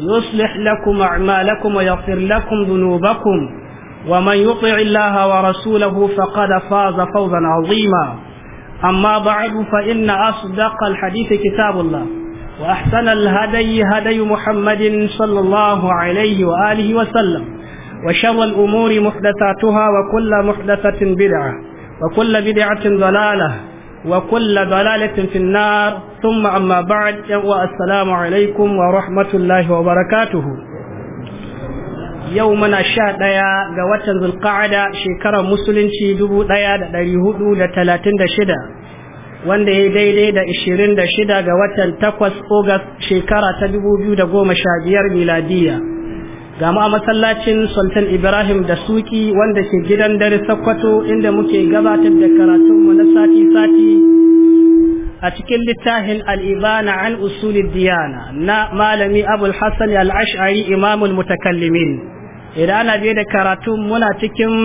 يصلح لكم أعمالكم ويغفر لكم ذنوبكم ومن يطع الله ورسوله فقد فاز فوزا عظيما أما بعد فإن أصدق الحديث كتاب الله وأحسن الهدي هدي محمد صلى الله عليه وآله وسلم وشر الأمور محدثاتها وكل محدثة بدعة وكل بدعة ضلالة وكل ضلالة في النار ثم أما بعد alaikum wa rahmatullahi wa barakatuhu. yau muna sha ɗaya ga watan zulƙa'ada shekarar musulunci dubu ɗaya da ɗari hudu da talatin da shida wanda ya daidai da ishirin da shida ga watan takwas ogas shekara ta dubu biyu da goma sha biyar miladiya ga mu a masallacin sultan ibrahim da suki wanda ke gidan dare sakkwato inda muke gabatar da karatunmu na sati-sati a cikin littafin al'ibana an usulid diyana na malami abul hassan al'ash'ari imamul mutakallimin idan ana biye da karatu muna cikin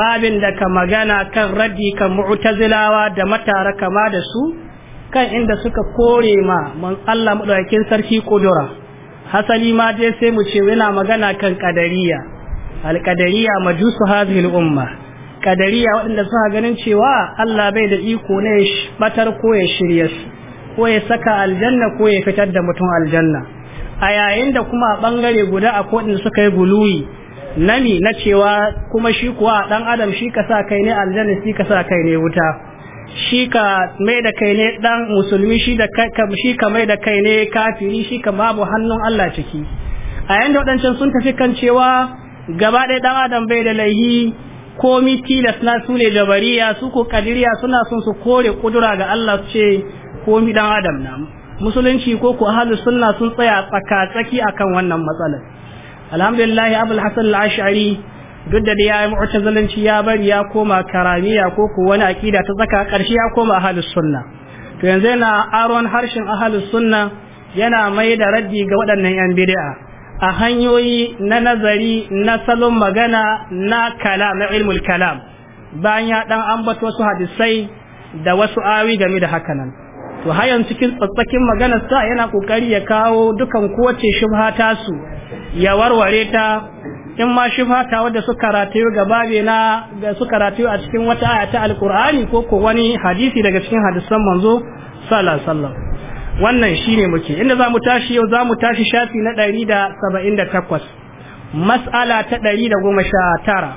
babin da ka magana kan raddi kan mu'tazilawa da matara kama da su kan inda suka kore ma Allah maɗaukakin sarki kudura hasali ma dai sai mu ce yana magana kan kadariya alkadariya majusu hadhihi umma kadariya waɗanda suka ganin cewa Allah bai da iko ne batar ko ya shirye su ko ya saka aljanna ko ya fitar da mutum aljanna a yayin da kuma a bangare guda a kodin suka yi guluyi nani na cewa kuma shi kuwa dan adam shi ka sa kai ne aljanna shi ka sa kai ne wuta shi ka mai da kai ne dan musulmi shi da shi ka mai da kai ne kafiri shi ka babu hannun Allah ciki a yanda waɗancan wadancan sun tafi kan cewa gaba ɗaya ɗan adam bai da laihi komi tilas na su ne jabariya su ko kadiriya suna son su kore kudura ga Allah su ce komi dan adam na musulunci ko ko ahlus sunna sun tsaya tsaka tsaki akan wannan matsalar alhamdulillah abul hasan al-ash'ari duk da dai ya yi mu'tazilanci ya bari ya koma karamiya ko ko wani akida ta tsaka karshe ya koma ahlus sunna to yanzu yana aron harshen ahlus sunna yana mai da raddi ga waɗannan yan bid'a a hanyoyi na nazari na salon magana na kalam na ilmul kalam bayan ya dan ambato wasu hadisai da wasu awi game da hakanan to hayan cikin tsatsakin maganar sa yana kokari ya kawo dukan kowace shubha ta su ya warware ta in ma shi ta wadda suka ratayo gaba na ga suka ratayo a cikin wata aya ta alqur'ani ko ko wani hadisi daga cikin hadisan manzo sallallahu alaihi wasallam wannan shine muke inda zamu tashi yau zamu tashi shafi na 178 mas'ala ta 119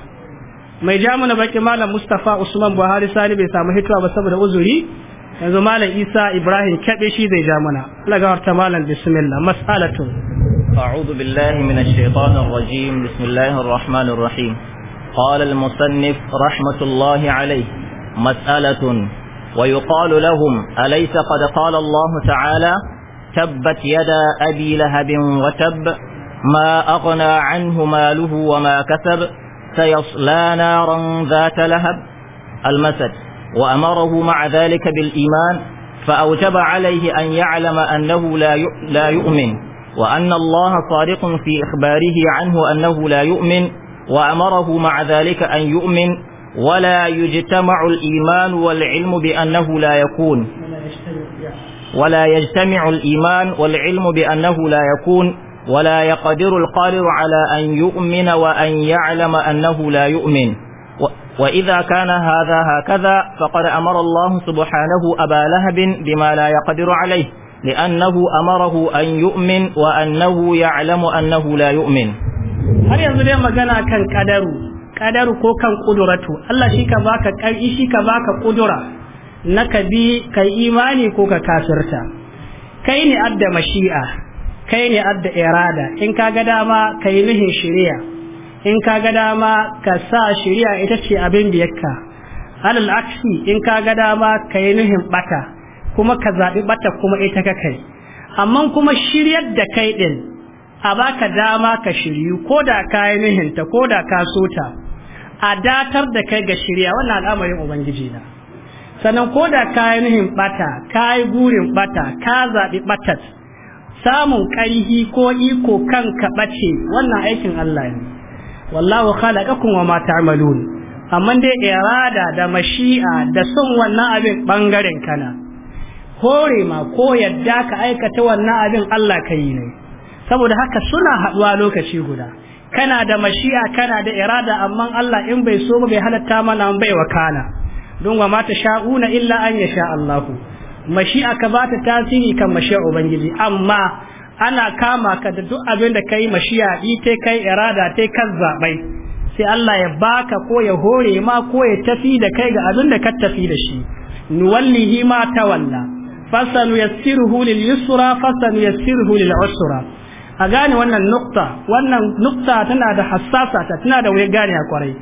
mai jamuna na baki malam Mustafa Usman Buhari Sani bai samu hituwa ba saboda uzuri yanzu malam Isa Ibrahim kabe shi zai ja mana Allah ga malam bismillah mas'alatun أعوذ بالله من الشيطان الرجيم بسم الله الرحمن الرحيم قال المصنف رحمة الله عليه مسألة ويقال لهم أليس قد قال الله تعالى تبت يدا أبي لهب وتب ما أغنى عنه ماله وما كسب سيصلى نارا ذات لهب المسد وأمره مع ذلك بالإيمان فأوجب عليه أن يعلم أنه لا يؤمن وأن الله صادق في إخباره عنه أنه لا يؤمن وأمره مع ذلك أن يؤمن ولا يجتمع الإيمان والعلم بأنه لا يكون ولا يجتمع الإيمان والعلم بأنه لا يكون ولا يقدر القادر على أن يؤمن وأن يعلم أنه لا يؤمن وإذا كان هذا هكذا فقد أمر الله سبحانه أبا لهب بما لا يقدر عليه لأنه an أن wa وأنه يعلم أنه لا يؤمن har yanzu dai magana kan kadaru kadaru ko kan kuduratu Allah shi ka baka ƙarfi shi ka baka kudura na ka bi kai imani ko ka kafirta kai ne adda mashi'a kai ne adda irada in ka ga dama kai nihin shari'a in ka ga dama ka sa shari'a ita ce abin biyakka alal aksi in ka ga dama kai nihin bata kuma ka zaɓi ɓata kuma ita ka kai amma kuma shiryar da kai ɗin a baka dama ka shiryu ko da ka yi nuhinta ko da ka so ta a datar da kai ga shirya wannan al'amarin ubangiji na sannan ko da ka yi nuhin ɓata ka yi gurin ɓata ka zaɓi ɓatat samun ƙarhi ko iko kan ka ɓace wannan aikin Allah ne wallahu khalaqakum wa ma ta'malun amma dai irada da mashi'a da son wannan abin bangaren kana kore ma ko yadda ka aikata wannan abin Allah ka yi ne saboda haka suna haɗuwa lokaci guda kana da mashi'a kana da irada amma Allah in bai so ba bai halatta mana an bai wakana don wa mata sha'una illa an ya sha Allahu mashi'a ka ba ta tasiri kan mashi'a ubangiji amma ana kama ka da duk abin da kai mashi'a yi ta kai irada ta kan zabai sai Allah ya baka ko ya hore ma ko ya tafi da kai ga abin da ka tafi da shi nuwallihi ma tawalla fasanuyassiruhu lil yusra fasanuyassiruhu lil usra a gane wannan nukta wannan nukta tana da hassasa ta tana da wayar gane a kwarai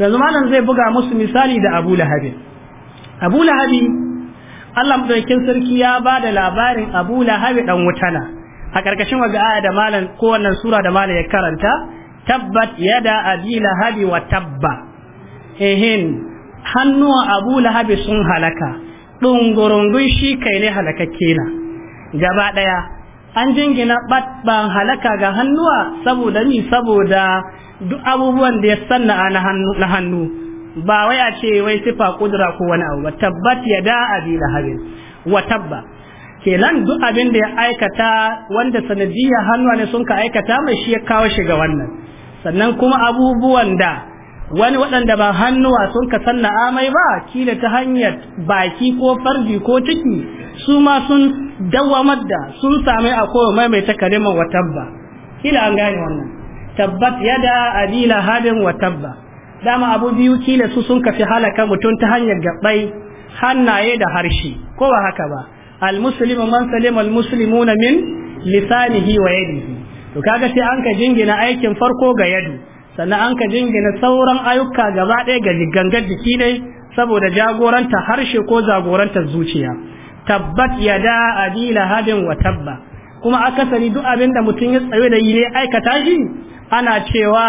yanzu malam zai buga musu misali da Abu Lahabi Abu Lahabi Allah madaukakin sarki ya ba da labarin Abu Lahabi dan wutana a karkashin waga aya da malam ko wannan sura da malam ya karanta tabbat yada abi lahabi wa tabba ehin hannuwa Abu Lahabi sun halaka ɗungurungun shi kai ne halakakke na gaba ɗaya an jingina ɓatɓan halaka ga hannuwa saboda ni saboda duk abubuwan da ya sanna na hannu ba wai a ce wai sifa kudura ko wani abu tabbat ya da abi lahabin wa tabba kenan duk abin da ya aikata wanda sanadiyya hannuwa ne sun ka aikata mai shi ya kawo shi ga wannan sannan kuma abubuwan da wani waɗanda ba hannuwa sun ka sanna amai ba kila ta hanyar baki ko farji ko ciki su ma sun dawamar da sun sami a kowa mai mai takalimar wa tabba kila an gane wannan tabbat yada adila hadin wa dama abu biyu kila su sun kafi halaka mutum ta hanyar gabai hannaye da harshe ko ba haka ba almuslimu man salima almuslimuna min lisanihi wa yadihi to kaga sai an ka jingina aikin farko ga yadu sannan an ka jingina sauran ayyuka gaba ɗaya ga gangar jiki ne saboda jagoranta harshe ko jagorantar zuciya tabbat ya da a wa tabba kuma akasari duk abin da mutum ya tsaye da yi ne aikata shi ana cewa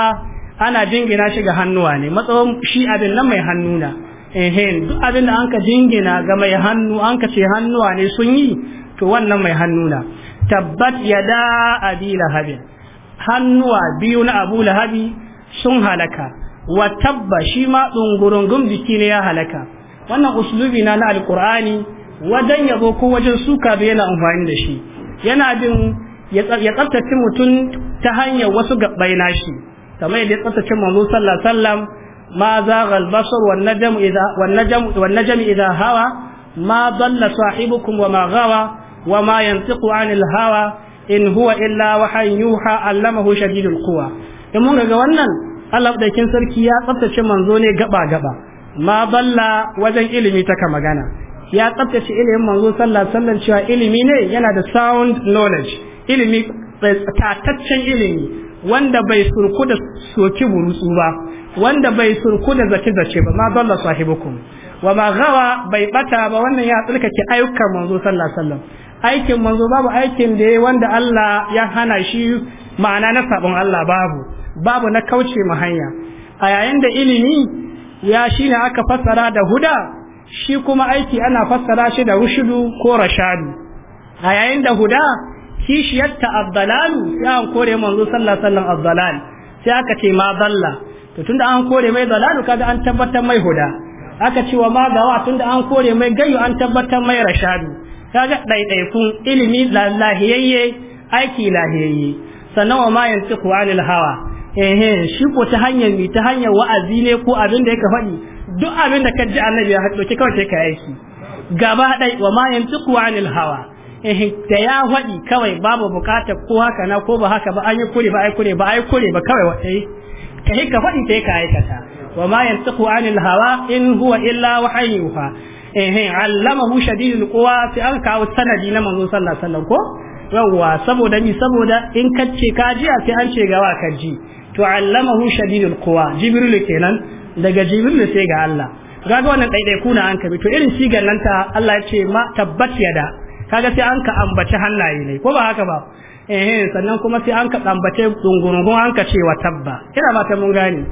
ana jingina shi ga hannuwa ne matsawon shi abin nan mai hannu na ehen duk abin da an ka jingina ga mai hannu an ka ce hannuwa ne sun yi to wannan mai hannuna. na tabbat ya da abi lahabin hannuwa biyu na abu lahabi sun halaka wa tabba shi ma dungurungun biki ne ya halaka wannan uslubi na na alqur'ani wajen yabo ko wajen suka bai yana amfani da shi yana bin ya tsaftace mutum ta hanyar wasu gabbai nashi kamar yadda ya tsaftace manzo sallallahu ma zaghal basar wan najm idha hawa ma balla sahibukum wa ma wa ma yantiqu anil hawa in huwa illa wahayun allamahu shadidul quwa in mun ga wannan Allah sarki ya tsabtace manzo ne gaba gaba ma balla wajen ilimi ta ka magana ya tsabtace ilimin manzo sallallahu alaihi cewa ilimi ne yana da sound knowledge ilimi tataccen ilimi wanda bai surku da soki burutsu ba wanda bai surku da zace zace ba ma balla sahibukum wa ma gawa bai bata ba wannan ya tsarkake ayyukan manzo sallallahu alaihi aikin manzo babu aikin da wanda Allah ya hana shi ma'ana na sabon Allah babu babu na kauce ma hanya a yayin da ilimi ya shine aka fassara da huda shi kuma aiki ana fassara shi da rushudu ko rashadu a yayin da huda kishiyarta abdalalu ya an kore manzo sallallahu alaihi wasallam abdalal sai aka ce ma dalla to tunda an kore mai dalalu kaga an tabbatar mai huda aka ce wa ma gawa tunda an kore mai gayyu an tabbatar mai rashadu kaga ɗaiɗaikun ilimi lahiyayye aiki lahiyayye sannan wa ma yantiqu anil ilhawa. ehe shi ko ta hanyar mi ta hanyar wa'azi ne ko abin da yake faɗi duk abin da ka ji annabi ya haɗo kawai sai ka yi gaba dai wa ma yantiqu anil ilhawa. ehe da ya faɗi kawai babu buƙatar ko haka na ko ba haka ba an yi kure ba ai kure ba ai kure ba kawai wata kai ka faɗi sai ka aikata wa ma yantiqu anil ilhawa in huwa illa wahyuha eh allamahu shadidul quwa sai an kawo sanadi na manzon sallallahu alaihi wasallam ko yawwa saboda ni saboda in kace ka ji sai an ce gawa ka ji to allamahu shadidul quwa jibril kenan daga jibril sai ga Allah kaga wannan daidai kuna an kabi to irin sigan nan ta Allah ya ce ma tabbat yada kaga sai an ka ambaci hannaye ne ko ba haka ba eh sannan kuma sai an ka ambace dungurungun an ka ce wa tabba ina ba ta mun gane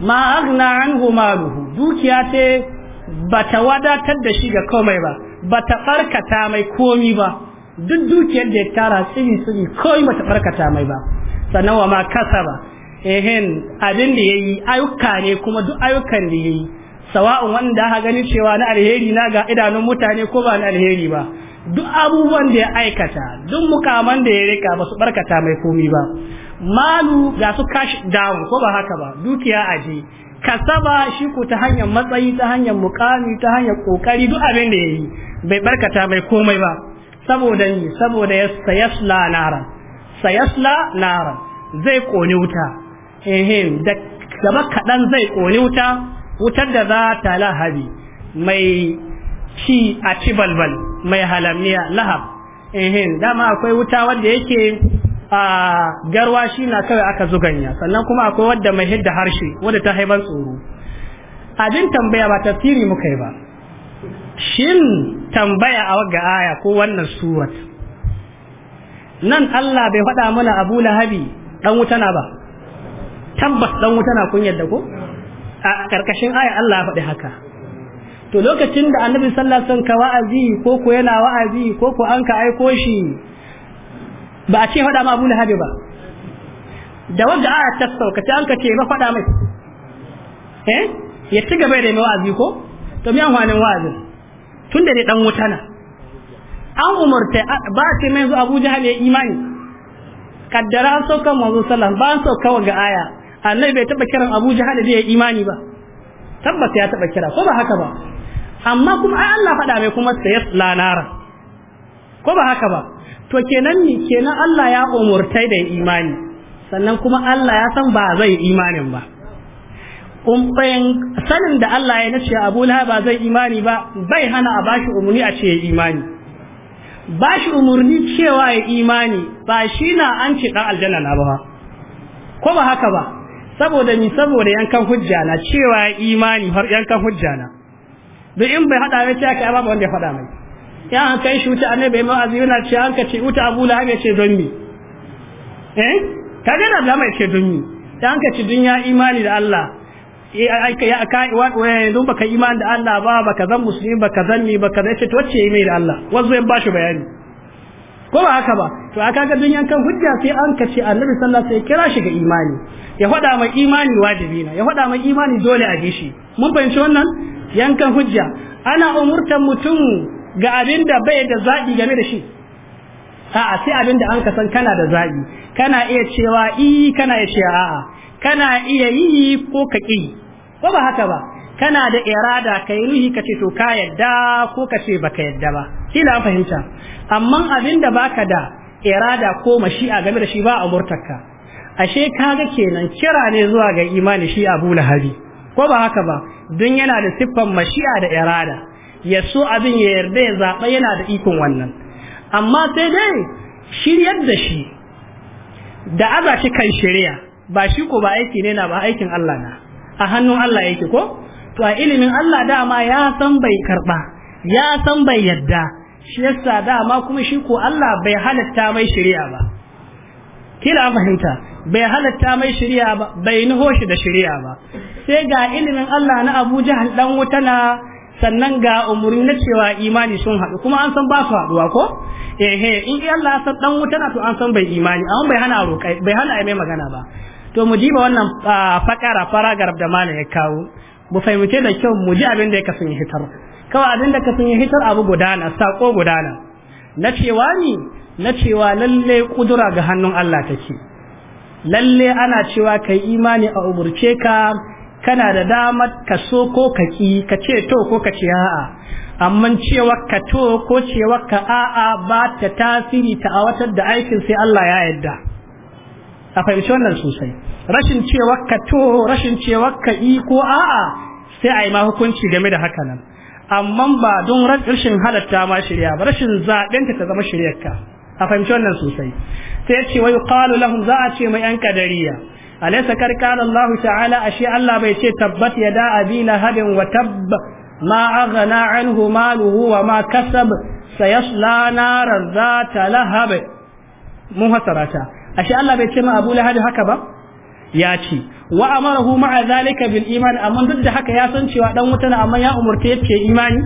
ma aghna anhu maluhu dukiya ce bata wadatar da shi ga komai ba bata farkata mai komi ba duk dukiyar da ya tara tsibi ko kawai mata barkata mai ba sannan wa ma kasa ba ehen abin da ya yi ayyuka ne kuma duk ayyukan da ya yi sawa'un wanda aka gani cewa na alheri na ga idanun mutane ko ba na alheri ba duk abubuwan da ya aikata duk mukaman da ya rika ba su barkata mai komi ba malu ga su cash down ko ba haka ba dukiya aje kasaba shi ko ta hanyar matsayi ta hanyar mukami ta hanyar kokari duk abin da ya yi bai barkata mai komai ba saboda ni saboda ya sayasla naran sayasla naran zai kone wuta ehe da gaba kaɗan zai kone wuta wutar da za ta lahabi mai ci a ci balbal mai halamiya lahab ehem dama akwai wuta wanda yake a garwa shi na kawai aka zuganya sannan kuma akwai wadda mai hidda harshe wadda ta haiban tsoro abin tambaya ba tasiri muka yi ba shin tambaya a wagga aya ko wannan surat nan Allah bai faɗa mana Abu Lahabi ɗan wuta na ba tabbas ɗan wuta na kun yadda ko a ƙarƙashin aya Allah ya faɗi haka to lokacin da Annabi sallallahu ka wa'azi ko ko yana wa'azi ko ko an ka aiko shi ba a ce faɗa ma Abu Lahabi ba da wanda aya ta sauka ta an ka ce ba faɗa mai eh ya ci gaba da mai wa'azi ko to me amfanin wa'azi. tunda ne dan wuta na an umarta ba ce mai zuwa abuja ne imani kaddara an sauka manzo sallallahu ba an sauka wa ga aya annabi bai taba kiran abuja Jahal da ya imani ba tabbata ya taba kira ko ba haka ba amma kuma ai Allah faɗa mai kuma sayasla nara ko ba haka ba to kenan ni kenan Allah ya umurtai da imani sannan kuma Allah ya san ba zai imanin ba bayan sanin da Allah ya nace Abu Lahab ba zai imani ba bai hana a bashi umurni a ce ya imani bashi umurni cewa ya imani ba shi na an ce dan aljanna na ba ko ba haka ba saboda ni saboda yankan hujja na cewa ya imani har yankan hujja na da in bai hada ya ce ka ba wanda ya fada mai ya an kai shi wuta annabi mai azu yana ce an ka ce wuta Abu Lahab ya ce don me eh kaga na da mai ce don me dan ka ci dunya imani da Allah yanzu eh, baka iman da Allah ba baka zan musulmi baka zan ni baka zai ce to wacce yi mai da Allah wanzu ya bashi bayani ko ba haka ba to aka ga dunyan kan hujja sai an kace Annabi sallallahu alaihi wasallam kira shi ga imani ya faɗa mai imani wajibi na ya faɗa mai imani dole a bi shi mun fahimci wannan yankan hujja ana umurtan mutum ga abin da bai da zaɓi game da shi a'a sai abin da an kasan kana da zaɓi kana iya cewa i kana iya cewa a'a kana iya yi ko ka ƙi ko ba haka ba kana da irada ka yi ruhi ka ce to ka yadda ko ka ce baka yadda ba kila an fahimta amma abin da baka da irada ko mashi'a game da shi ba a murtaka ashe ga kenan kira ne zuwa ga imani shi Abu Lahabi ko ba haka ba don yana da siffan mashi'a da irada ya so abin ya yarda ya zaba yana da ikon wannan amma sai dai shiryar da shi da aza shi kan shirya ba shi ko ba aiki ne na ba aikin Allah na a hannun Allah yake ko to a ilimin Allah dama ya san bai karba ya san bai yadda shi yasa dama kuma shi ko Allah bai halatta mai shari'a ba kila fahimta bai halatta mai shari'a ba bai nuho shi da shari'a ba sai ga ilimin Allah na Abu Jahal dan wuta na sannan ga umuri na cewa imani sun haɗu kuma an san ba su haɗuwa ko eh in Allah ya san dan wuta na to an san bai imani amma bai hana roƙai bai hana ai mai magana ba to mu ji ba wannan fakara ga da malam ya kawo mu fahimce da kyau mu ji abin da ya kasan hitar kawai abin da kasan hitar abu gudana sako gudana na cewa ni na cewa lalle kudura ga hannun Allah take lalle ana cewa kai imani a umurce ka kana da damar ka so ko ka ki ka ce to ko ka ce a'a amma cewa ka to ko cewa ka a'a ba ta tasiri ta awatar da aikin sai Allah ya yarda a fahimci wannan sosai rashin cewar ka to rashin cewar ka i ko a'a sai a yi ma hukunci game da haka nan amma ba don rashin halatta ma shirya ba rashin zaɓen ka ta zama shiryarka a fahimci wannan sosai sai ya ce wai yuqalu lahum za a ce mai yan kadariya alaysa kar Allah ta'ala ashe Allah bai ce tabbat yada abina hadin wa tabb ma aghna anhu maluhu wa ma kasab sayasla naran zata lahab muhasarata ashe Allah bai ce ma Abu Lahab haka ba ya ce wa amarahu ma'a zalika bil iman amma duk da haka ya san cewa dan wuta amma ya umurta yace imani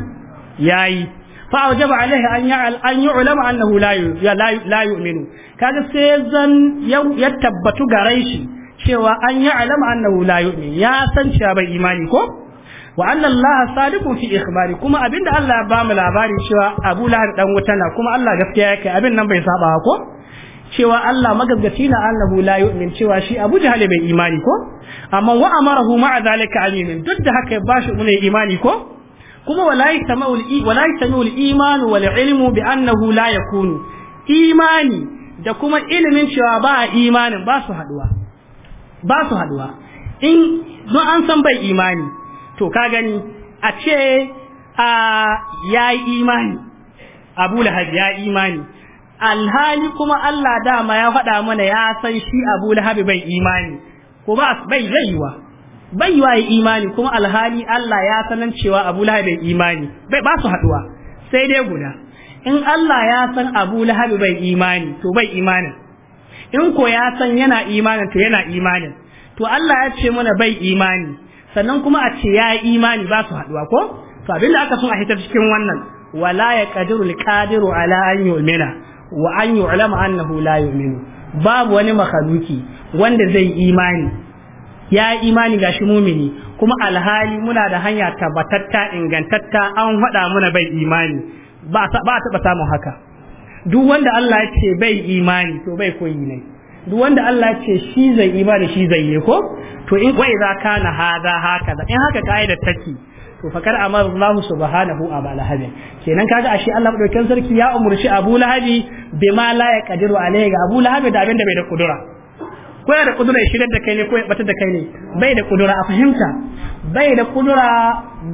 yayi fa wajaba alaihi an ya'al an yu'lama annahu la la yu'minu kaga sai zan ya tabbatu gare shi cewa an ya'lama annahu la yu'min ya san cewa bai imani ko wa anna Allah sadiqu fi ikhbari kuma abinda Allah ya mu labari cewa Abu Lahab dan wuta na kuma Allah gaskiya yake abin nan bai saba ko cewa Allah magabgaci na annahu la yu'min cewa shi Abu Jahal bai imani ko amma wa amarahu ma'a zalika alimin duk da haka ya bashi mun imani ko kuma wala tamul i yasma'u tamul iman wal ilmu bi annahu la yakunu imani da kuma ilimin cewa ba imanin ba su haduwa ba su haduwa in don an san bai imani to ka gani a ce a yayi imani Abu Lahab ya imani alhali kuma Allah dama ya faɗa mana ya san shi Abu lahabi bai imani ko ba bai zaiwa bai wa yi imani kuma alhali Allah ya sanan cewa Abu lahabi bai imani bai ba su haɗuwa. sai dai guda in Allah ya san Abu lahabi bai imani to bai imanin in ko ya san yana imanin to yana imanin to Allah ya ce mana bai imani sannan kuma a ce ya yi imani ba su haɗuwa ko to abinda aka so a hitar cikin wannan wala ya ƙadiru al-qadiru ala an yu'mina wa an yu'lama annahu la yu'minu babu wani makaluki wanda zai imani ya yi imani ga shi mumini kuma alhali muna da hanya tabbatatta ingantatta an faɗa muna bai imani ba a taɓa samun haka duk wanda Allah ya ce bai imani to bai koyi ne duk wanda Allah ya ce shi zai imani shi zai yi ko to in wai za kana hada haka in haka kaida take to kar amara Allah subhanahu wa ta'ala kenan kaga ashe Allah madaukakin sarki ya umurci Abu Lahabi ma la yaqdiru alayhi ga Abu Lahabi da abinda bai da kudura ko da kudura ya shirar da kai ne ko ya bata da kai ne bai da kudura a fahimta bai da kudura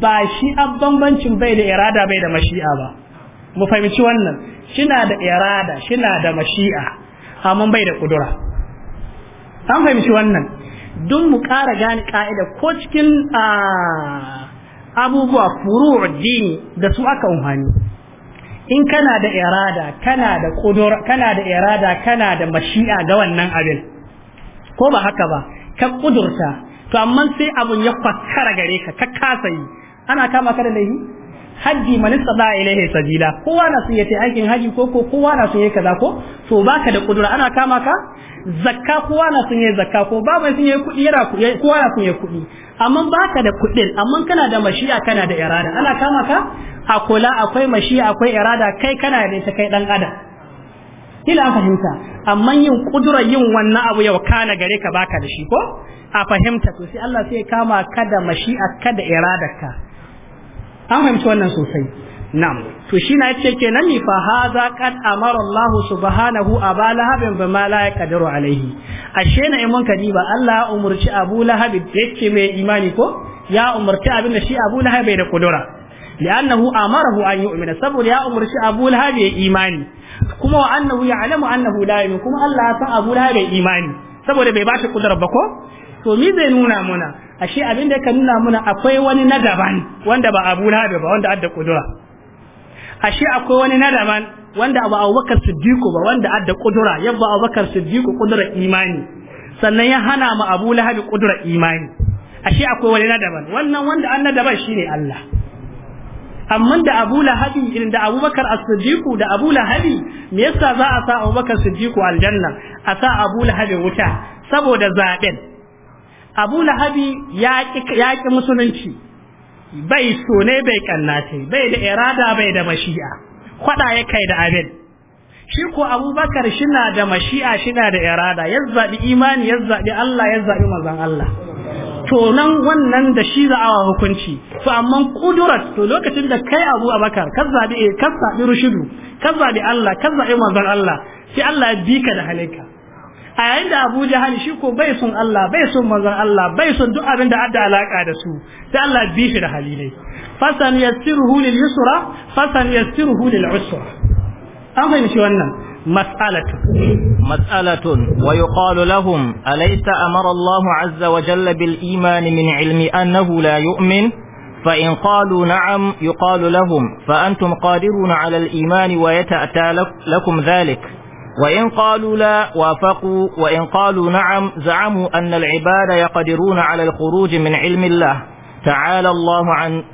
ba shi bambancin bai da irada bai da mashi'a ba mu fahimci wannan shina da irada shina da mashi'a amma bai da kudura an fahimci wannan don mu ƙara gane ka'ida ko cikin ah, abubuwa furu' addini da su aka umhani in kana da irada kana da kudur kana da irada kana da mashi'a ga wannan abin ko ba haka ba ka kudurta to amma sai abun ya fakkara gare ka ka kasa yi ana kama ka da laifi haji man istada ilaihi sabila kowa na su yace aikin haji ko ko kowa na su yace kaza ko to baka da kudura ana kama ka zakka kowa na su yace zakka ko ba mai so yayi kudi yana kowa na su yace kudi amma baka da kudin amma kana da mashiya kana da irada ana kama ka a kula akwai mashiya akwai irada kai kana da ita kai dan adam kila an fahimta amma yin kudura yin wannan abu yau kana gare ka baka da shi ko a fahimta to sai Allah sai kama ka da mashi'a ka da iradarka an fahimci wannan sosai na'am to shi na yace kenan ni fa hadha qad amara Allah subhanahu aba lahabin bima la yaqdiru alaihi ashe na in mun kadiba Allah umurci Abu Lahab yace mai imani ko ya umurci abin da shi Abu Lahab bai da kudura لأنه أمره أن يؤمن سبب يا أمر أبو لهب إيماني كما أنه يعلم أنه لا يؤمن كما الله أبو لهب imani. Saboda bai bashi kudura ba ko to mi zai nuna mana ashe abin da yake nuna muna akwai wani na daban wanda ba Abu Lahab ba wanda adda kudura ashe akwai wani na daban wanda ba Abubakar Siddiq ba wanda adda kudura yabba Abubakar Siddiq kudura imani sannan ya hana mu Abu Lahab kudura imani ashe akwai wani na daban wannan wanda an daban shine Allah amma da Abu Lahab irin da Abubakar As-Siddiq da Abu Lahab me yasa za a sa Abubakar Siddiq aljanna a sa Abu Lahab wuta saboda zaben abu lahabi ya ƙi musulunci bai so ne bai kannate bai da irada bai da mashi'a kwada ya kai da abin shi ko abubakar shina da mashi'a shi na da irada ya zaɓi imani ya zaɓi allah ya zaɓi manzon allah to nan wannan da shi za'awa hukunci to amma kudurat to lokacin da kai abu abakar ka zaɓi ka zaɓi rushidu ka zaɓi allah ka zaɓi manzon allah sai allah ya bi ka da halika a yayin da Abu Jahal shi ko bai son Allah bai son manzon Allah bai son duk abin da adda alaka da su sai Allah bi shi da hali ne fasan yassiruhu lil yusra fasan yassiruhu lil usra an fahimci wannan مسألة مسألة ويقال لهم أليس أمر الله عز وجل بالإيمان من علم أنه لا يؤمن فإن قالوا نعم يقال لهم فأنتم قادرون على الإيمان ويتأتى لكم ذلك وإن قالوا لا وافقوا وإن قالوا نعم زعموا أن العباد يقدرون على الخروج من علم الله تعالى الله عن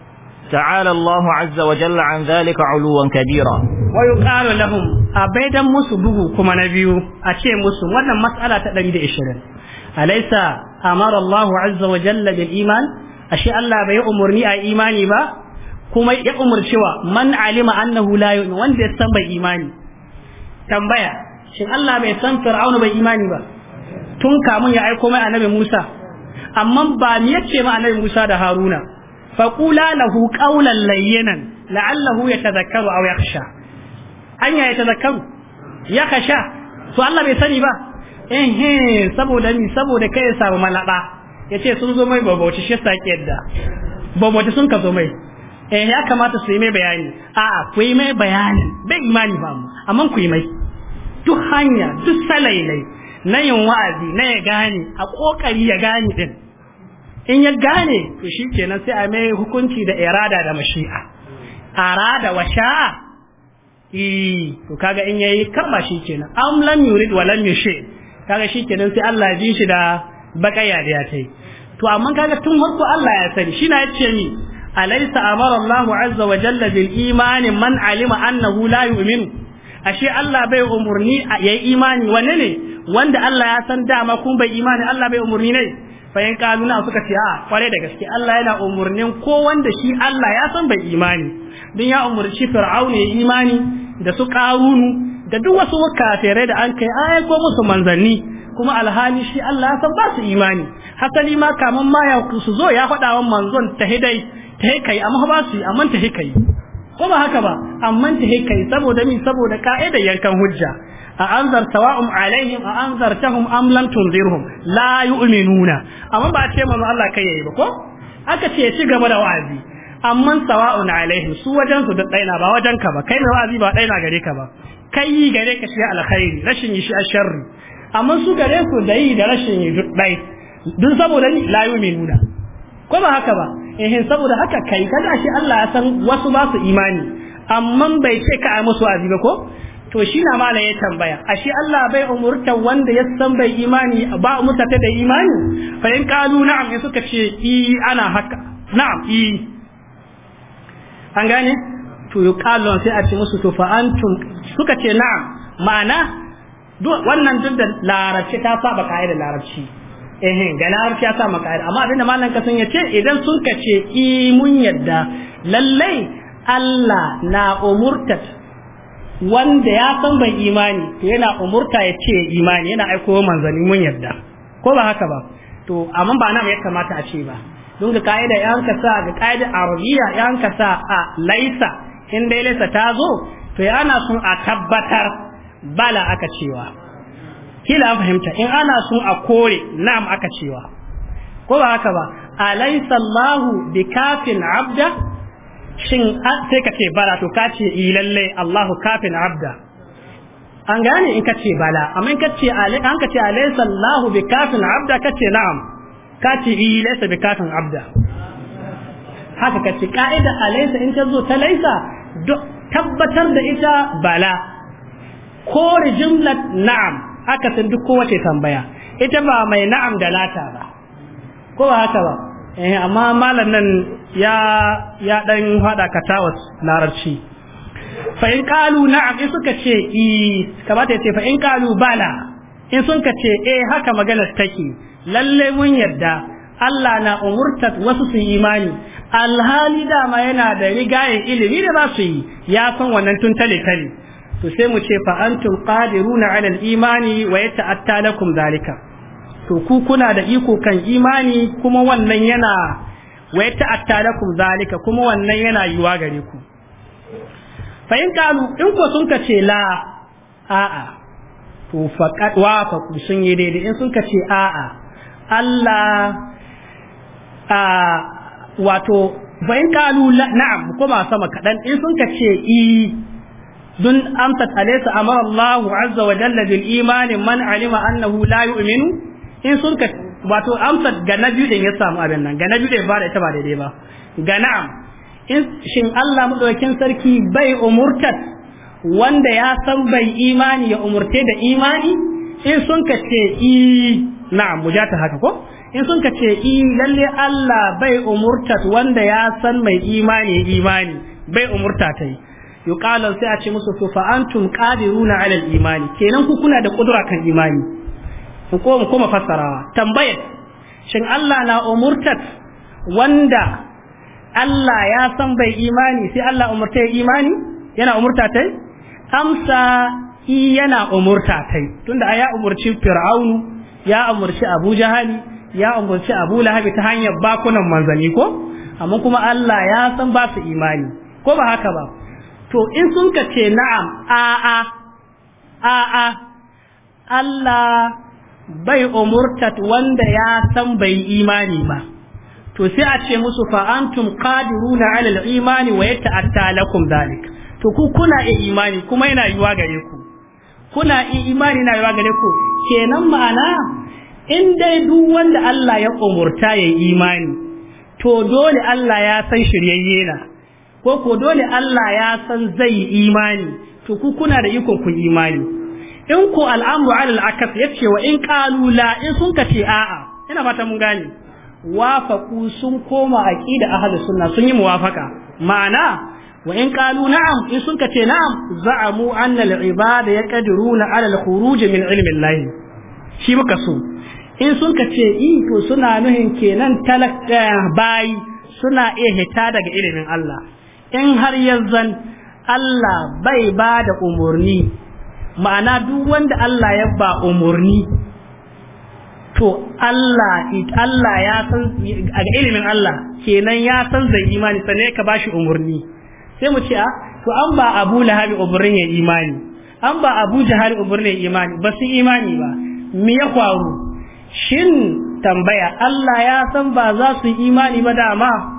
تعالى الله عز وجل عن ذلك علوا كبيرا ويقال لهم أبدا مسبه كما نبيو أشي مسو ولا مسألة تدريد إشرين أليس أمر الله عز وجل بالإيمان أشي الله بيأمرني أي إيماني با كما يأمر شوى من علم أنه لا يؤمن وان يستنبي إيماني tambaya shin Allah bai san fir'auna bai imani ba tun kamun ya aiko mai annabi Musa amma ba ni yace ma annabi Musa da Haruna Fa qula lahu qawlan layyinan la'allahu yatadhakkaru aw yakhsha anya yatadhakkaru yakhsha to Allah bai sani ba eh saboda ni saboda kai ya samu malaba yace sun zo mai babauci shi saki yadda babauci sun ka zo mai eh ya kamata su yi mai bayani a'a ku yi mai bayani bai imani ba mu amma ku yi mai duk hanya duk salailai na yin wa'azi na ya gane a kokari ya gane din in ya gane to shi kenan sai a mai hukunci da irada da mashi'a arada wa sha'a eh to kaga in yayi kama shi kenan am lam yurid wa lam yushi kaga shi kenan sai Allah ya ji shi da bakaya da ya tai to amma kaga tun harko Allah ya sani shi na yace ni alaysa amara Allahu azza wa jalla bil imani man alima annahu la yu'minu ashe Allah bai umurni ya yi imani wanne ne wanda Allah ya san dama kun bai imani Allah bai umurni ne fayin kaluna suka ce a kware da gaske Allah yana umurnin ko wanda shi Allah ya san bai imani don ya umurci fir'auna ya imani da su karunu da duk wasu kafirai da an kai ayi ko musu manzanni kuma alhali shi Allah ya san ba su imani hasali ma kaman ma ya su zo ya faɗa wa manzon ta hidai ta hikai amma ba su amma ta hikai ko ba haka ba amma ta kai saboda min saboda ka'idar yankan hujja a anzar tawa'um alaihim a tahum am lam tunzirhum la yu'minuna amma ba a ce manzo Allah kai yayi ba ko aka ce ci gaba da wa'azi amma tawa'un alaihim su wajen su da daina ba wajen ka ba kai ne wa'azi ba daina gare ka ba kai yi gare ka shi alkhairi rashin yi shi asharri amma su gare ku da yi da rashin yi duk dai dun saboda ni la yu'minuna ko ba haka ba Ehin saboda haka kai kada shi Allah ya san wasu ba su imani amma bai ce ka a musu azi ba ko to shi na mala ya tambaya ashe Allah bai umurta wanda ya san bai imani ba umurta ta da imani fa in kalu na'am in suka ce i ana haka na'am i an gane to kalu sai a ce musu to fa antum suka ce na'am ma'ana wannan duk da larabci ta saba da larabci ehin ga larabci ya sa makayar amma abin da malam kasan ya ce idan sun ka ce i mun yadda lallai Allah na umurta wanda ya san bai imani to yana umurta ya ce imani yana aiko manzanni mun yadda ko ba haka ba to amma ba nan ya kamata a ce ba don ga ka'ida yan ka sa ga ka'ida arabiya yan ka sa a laisa in dai laisa ta zo to yana sun a tabbatar bala aka cewa kila an fahimta in ana sun a kore na'am aka cewa ko ba haka ba alaysa Allahu bikafin abda shin sai ka ce bala to ka ce lalle Allahu kafin abda an gane in ka ce bala amma in ka ce an ka ce alaysa Allahu bikafin abda ka ce na'am ka ce laysa bikafin abda haka ka ce ka'ida alaysa in ta zo ta laysa tabbatar da ita bala kore jumlat na'am aka san duk kowace tambaya ita ba mai na'am da lata ba ko ba haka ba eh amma malam nan ya ya dan hada katawas larabci fa in qalu na'am in suka ce i kamata ce fa in qalu bala in sun ka ce eh haka maganar take lalle mun yarda Allah na umurtat wasu su imani alhali dama yana da rigayen ilimi da ba su yi ya san wannan tun tale tale to sai mu ce fa antum qadiruna ala al-imani wa yata'atta lakum zalika to ku kuna da iko kan imani kuma wannan yana wa yata'atta lakum zalika kuma wannan yana yiwa gare ku fa in in ko sun ka ce la a'a to faqat wa fa sun yi daidai in sun ka ce a'a Allah a wato fa in na'am ko ba sama kadan in sun ka ce i dun amsat alaysa amara Allahu azza wa jalla bil imani man alima annahu la yu'minu in sun ka wato amsat ga na biyu din ya samu abin nan ga na biyu din ba da ita ba daidai ba ga na'am in shin Allah madaukakin sarki bai umurtat wanda ya san bai imani ya umurte da imani in sun ka ce i na'am mujata haka ko in sun ka ce i lalle Allah bai umurtat wanda ya san mai imani imani bai umurta ta yi yuqalu sai a ce musu to fa antum qadiruna ala al-imani kenan ku kuna da kudura kan imani ku koma koma fassarawa tambayar shin Allah na umurtat wanda Allah ya san bai imani sai Allah umurta ya imani yana umurta tai amsa i yana umurta tai tunda ya umurci fir'aunu ya umurci abu jahali ya umurci abu lahabi ta hanyar bakunan manzali ko amma kuma Allah ya san ba su imani ko ba haka ba to in sun ka ce na'am a'a a'a Allah bai umurtat wanda ya san bai imani ba to sai a ce musu fa antum qadiruna ala al-imani wa yata'atta lakum dhalik to ku kuna e imani kuma yana yiwa gare ku kuna e imani ina yiwa gare ku kenan ma'ana in dai duk wanda Allah ya umurta ya imani to dole Allah ya san shiryayye na ko ko dole Allah ya san zai yi imani to ku kuna da ikon ku imani in ko al'amru alal akas yace wa in qalu la in sun ka ce a'a ina fata mun gane wafaqu sun koma aqida ahlus sunna sun yi muwafaka ma'ana وإن قالوا za'a إسنك ibada زعموا أن العباد يقدرون على min من علم Shi muka مكسو in sun ka ce i to suna nuhin kenan talaka eh, bayi suna iya hita daga ilimin Allah in har yanzan Allah bai ba da umarni ma'ana duk wanda Allah ya ba umarni to Allah Allah ya san a ga ilimin Allah kenan ya san zai imani sannan ka bashi umarni sai mu ce a ah, to an ba Abu Lahab umarni ya imani an ba Abu Jahal umarni ya imani ba su imani ba me ya faru shin tambaya Allah ya san ba za su imani ba dama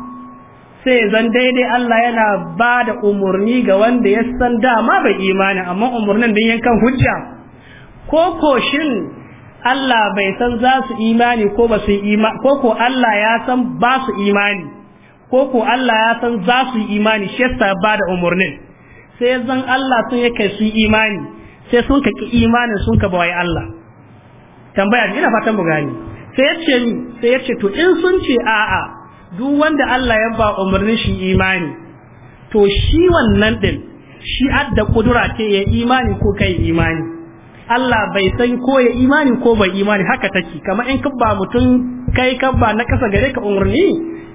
sai zan daidai Allah yana ba da umarni ga wanda ya san dama bai imani amma umarnin din yankan hujja ko ko shin Allah bai san za su imani ko ba su imani ko ko Allah ya san ba su imani ko ko Allah ya san za su imani shi yasa ba da umarnin sai zan Allah sun yake su imani sai sun ka ki imanin sun ka bawai Allah tambaya ina fatan mu gani sai yace ni sai yace to in sun ce a'a duk wanda Allah ya ba umarnin shi imani to shi wannan din shi adda kudura ke ya imani ko kai imani Allah bai san ko ya imani ko bai imani haka take kamar in ba mutum kai kabba na kasa gare ka umarni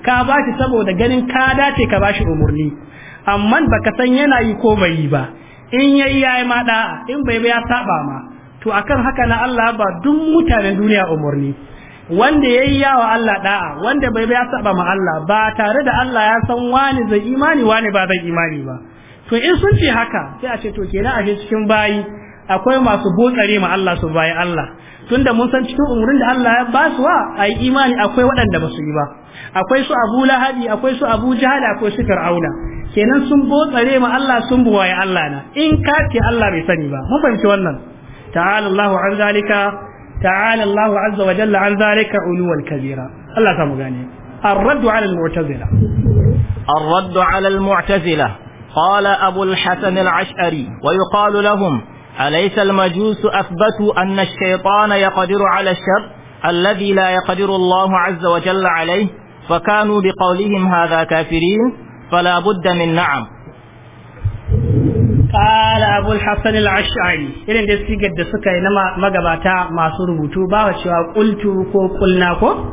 ka ba shi saboda ganin ka dace ka ba shi umarni amma baka san yana yi ko bai yi ba in yayi yayi ma da'a in bai ba ya saba ma to akan haka na Allah ba duk mutanen duniya umarni wanda yayi yawa Allah da'a wanda bai bai saba ma Allah ba tare da Allah ya san wani zai imani wani ba zai imani ba to in sun ce haka sai a ce to kenan a cikin bayi akwai masu botsare ma Allah su bayi Allah tunda mun san cikin umurin da Allah ya ba su wa a yi imani akwai waɗanda ba su yi ba akwai su abu lahabi akwai su abu jahal akwai su fir'auna kenan sun botsare ma Allah sun buwaye Allah na in ka ce Allah bai sani ba mun fahimci wannan ta'ala Allahu an zalika تعالى الله عز وجل عن ذلك علوا كبيرا الله سامو الرد على المعتزلة الرد على المعتزلة قال أبو الحسن العشأري ويقال لهم أليس المجوس أثبتوا أن الشيطان يقدر على الشر الذي لا يقدر الله عز وجل عليه فكانوا بقولهم هذا كافرين فلا بد من نعم قال أبو الحسن العشعري إذن da سيجد دي سكي نما مغباتا ما سربوتو باوة cewa قلتو كو ko كو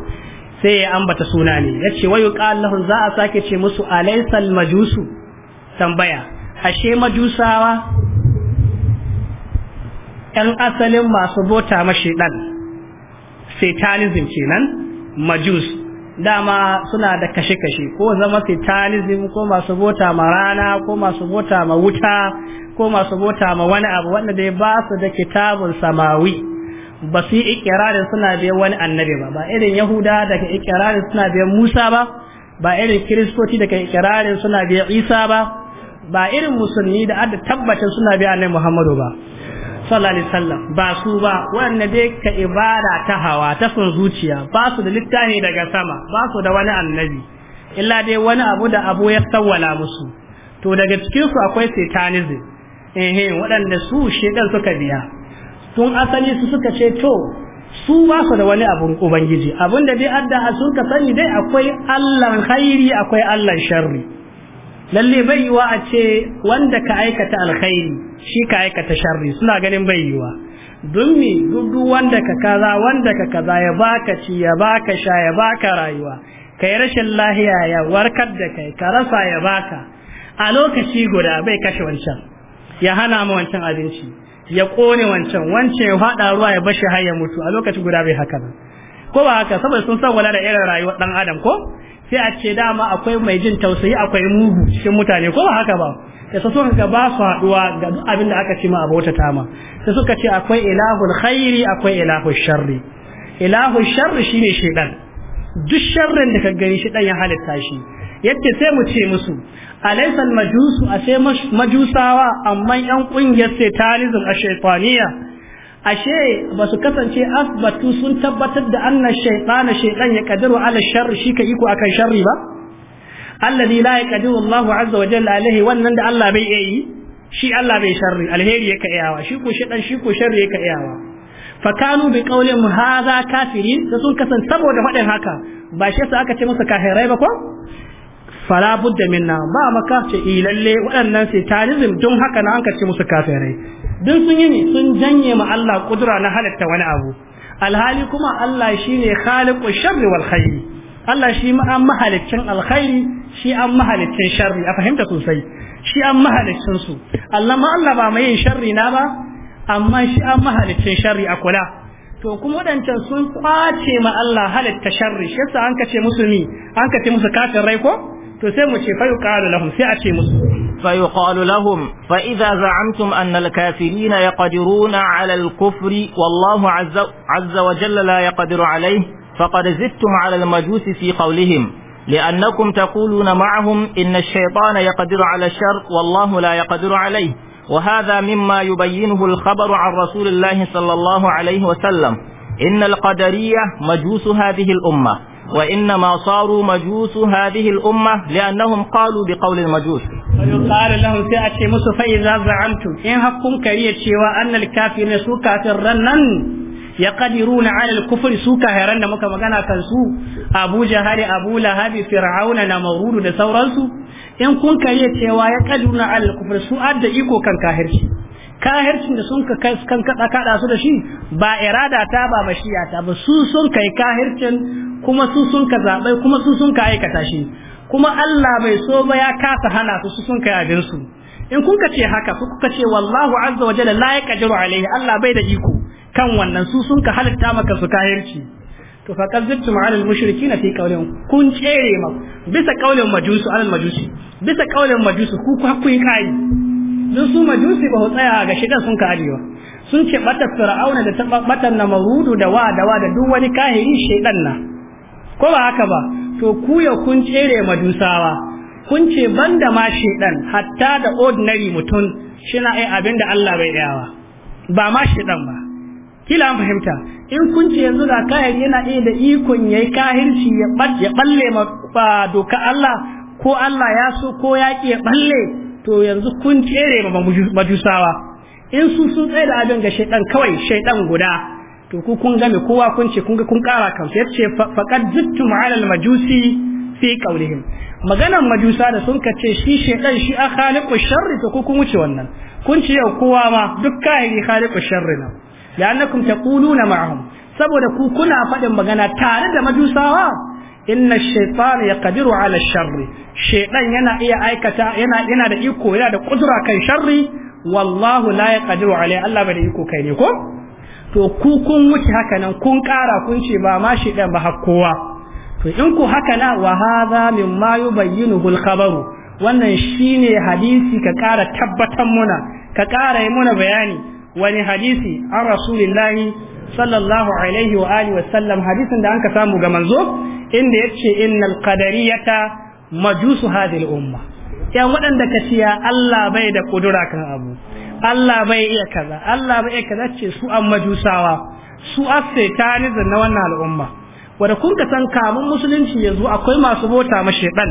sai ya ambata suna ne yace wai wayu ƙallahun za a sake ce musu alaisal majusu tambaya ashe majusawa ‘yan asalin masu bota mashi ɗan kenan majus dama suna da kashe-kashe ko zama fitalism ko masu bota ma rana ko masu bota ma wuta ko masu bota ma wani abu wanda dai ba su da kitabun samawi ba su yi ikirarin suna biyan wani annabi ba ba irin yahuda daga ikirarin suna biyan musa ba ba irin kiristoci daga ikirarin suna biyan isa ba ba irin musulmi da adda tabbacin suna biyan annabi muhammadu ba sallallahu alaihi wasallam ba su ba wanda dai ka ibada ta hawa ta son zuciya ba su da littafi daga sama ba su da wani annabi illa dai wani abu da abu ya sawwala musu to daga cikin su akwai satanism eh waɗanda su shedan suka biya tun asali su suka ce to su ba su da wani abun ubangiji abinda dai adda a suka sani dai akwai Allah khairi akwai Allah sharri lalle bai yiwa a ce wanda ka aikata alkhairi shi ka aikata sharri suna ganin bai yiwa don mi wanda ka kaza wanda ka kaza ya baka ci ya baka sha ya baka rayuwa kai rashin lahiya ya warkar da kai ka rasa ya baka a lokaci guda bai kashe wancan ya hana mu wancan abinci ya kone wancan wancan ya haɗa ruwa ya bashi har ya mutu a lokaci guda bai haka ba ko ba haka saboda sun san wala da irin rayuwar dan adam ko sai a ce dama akwai mai jin tausayi akwai mugu cikin mutane ko ba haka ba da su suka ba su haduwa ga duk abin da aka ce ma abota tama sai suka ce akwai ilahul khairi akwai ilahul sharri ilahul sharri shine shedan duk sharrin da ka gani dan ya halitta shi yadda sai mu ce musu alaysa majusu sai majusawa amma yan kungiyar satanism a shaytaniya ashe ba su kasance asbatu sun tabbatar da annan shaytana shaytan ya kadiru ala sharri shi ka iko akan sharri ba alladhi la yaqdiru Allahu azza wa jalla alaihi wannan da Allah bai yi shi Allah bai sharri alheri yake iyawa shi ko shaytan shi ko sharri yake iyawa fa kanu bi qawlin hadha kafirin da sun kasance saboda faɗin haka ba shi yasa aka ce musu kafirai ba ko fala budda minna ba maka ce ilalle eh, waɗannan sai talizim don haka na an kace musu kafirai duk sun yi ne sun janye ma Allah kudura na halatta wani abu alhali kuma Allah shine khaliku sharri wal khairi Allah shi ma an mahalicin alkhairi shi an mahalicin sharri a fahimta sosai shi an mahalicin su Allah ma Allah ba mai yin sharri na ba amma shi an mahalicin sharri a kula to kuma wadancan sun kwace ma Allah halitta sharri shi yasa an kace musu ni an kace musu rai ko فيقال لهم فإذا زعمتم أن الكافرين يقدرون على الكفر والله عز وجل لا يقدر عليه فقد زدتم على المجوس في قولهم لأنكم تقولون معهم إن الشيطان يقدر على الشر والله لا يقدر عليه وهذا مما يبينه الخبر عن رسول الله صلى الله عليه وسلم إن القدرية مجوس هذه الأمة وإنما صاروا مجوس هذه الأمة لأنهم قالوا بقول المجوس ويقال لهم سيأتي مسو فإذا زعمتم إن حقكم كريه شيوا أن الكافرين سوكا ترنن يقدرون على الكفر سوكا هرن مكا مغانا كنسو أبو جهل أبو لهب فرعون نمرود da sauransu in kun kariya cewa ya kaduna al kufr su adda iko kan kahirci kahircin da sun kan kada su da shi ba irada ta ba mashiya ta ba su sun kai kahircin kuma su sun ka zaɓai kuma su sun ka aikata shi kuma Allah bai so ba ya kasa hana su su sun ka yabin su in kun ka ce haka ku kuka ce wallahu azza wa jalla la yaqdiru alaihi Allah bai da iko kan wannan su sun ka halitta maka su kayarci to fa kazzabtum ala al-mushrikeena fi qawlin kun tsere ma bisa qawlin majusu ala majusi bisa qawlin majusu ku ku hakku yi kai dan su majusi ba tsaya ga shidan sun ka arewa sun ce batar fir'auna da tabbatar na marudu da wa da wa da duk wani kahiri shaidan na ko ba haka ba to ku ya kun tsere madusawa kun ce banda ma shedan hatta da ordinary mutum shina ai abinda Allah bai yawa ba ma shedan ba kila an fahimta in kun ce yanzu da kahiri yana iya da ikon yayi kahirci ya ya balle ma doka Allah ko Allah ya so ko ya ki ya balle to yanzu kun tsere ma majusawa in su sun tsaye da abin ga shedan kawai shedan guda to ku kun game kowa kun ce kun kun kara kan sai ce faqad zittum ala majusi fi qawlihim maganan majusa da sun kace shi shaiɗan, shi a khaliqu sharri to ku kun wuce wannan kun ce yau kowa ma duk kayan khaliqu sharri na la'annakum taquluna ma'ahum saboda ku kuna faɗin magana tare da majusawa inna shaytan yaqdiru ala sharri shaytan yana iya aikata yana yana da iko yana da kudura kan sharri wallahu la yaqdiru alai Allah bai da iko kai ne ko to ku kun wuce hakanan kun ƙara kun ce ba ma shi ɗan ba hakkowa to in ku haka na wa hadha mimma yubayyinu khabaru wannan shine hadisi ka ƙara tabbatan muna ka ƙara yi muna bayani wani hadisi an rasulillahi sallallahu alaihi wa alihi wa sallam hadisin da anka samu ga manzo inda yace innal qadariyata majusu hadhihi umma yan waɗanda ka ciya Allah bai da kudura kan abu Allah bai iya kaza Allah bai iya kaza ce su an majusawa su asetanism na wannan al'umma wanda kun ka san kamun musulunci yanzu akwai masu bota ma shedan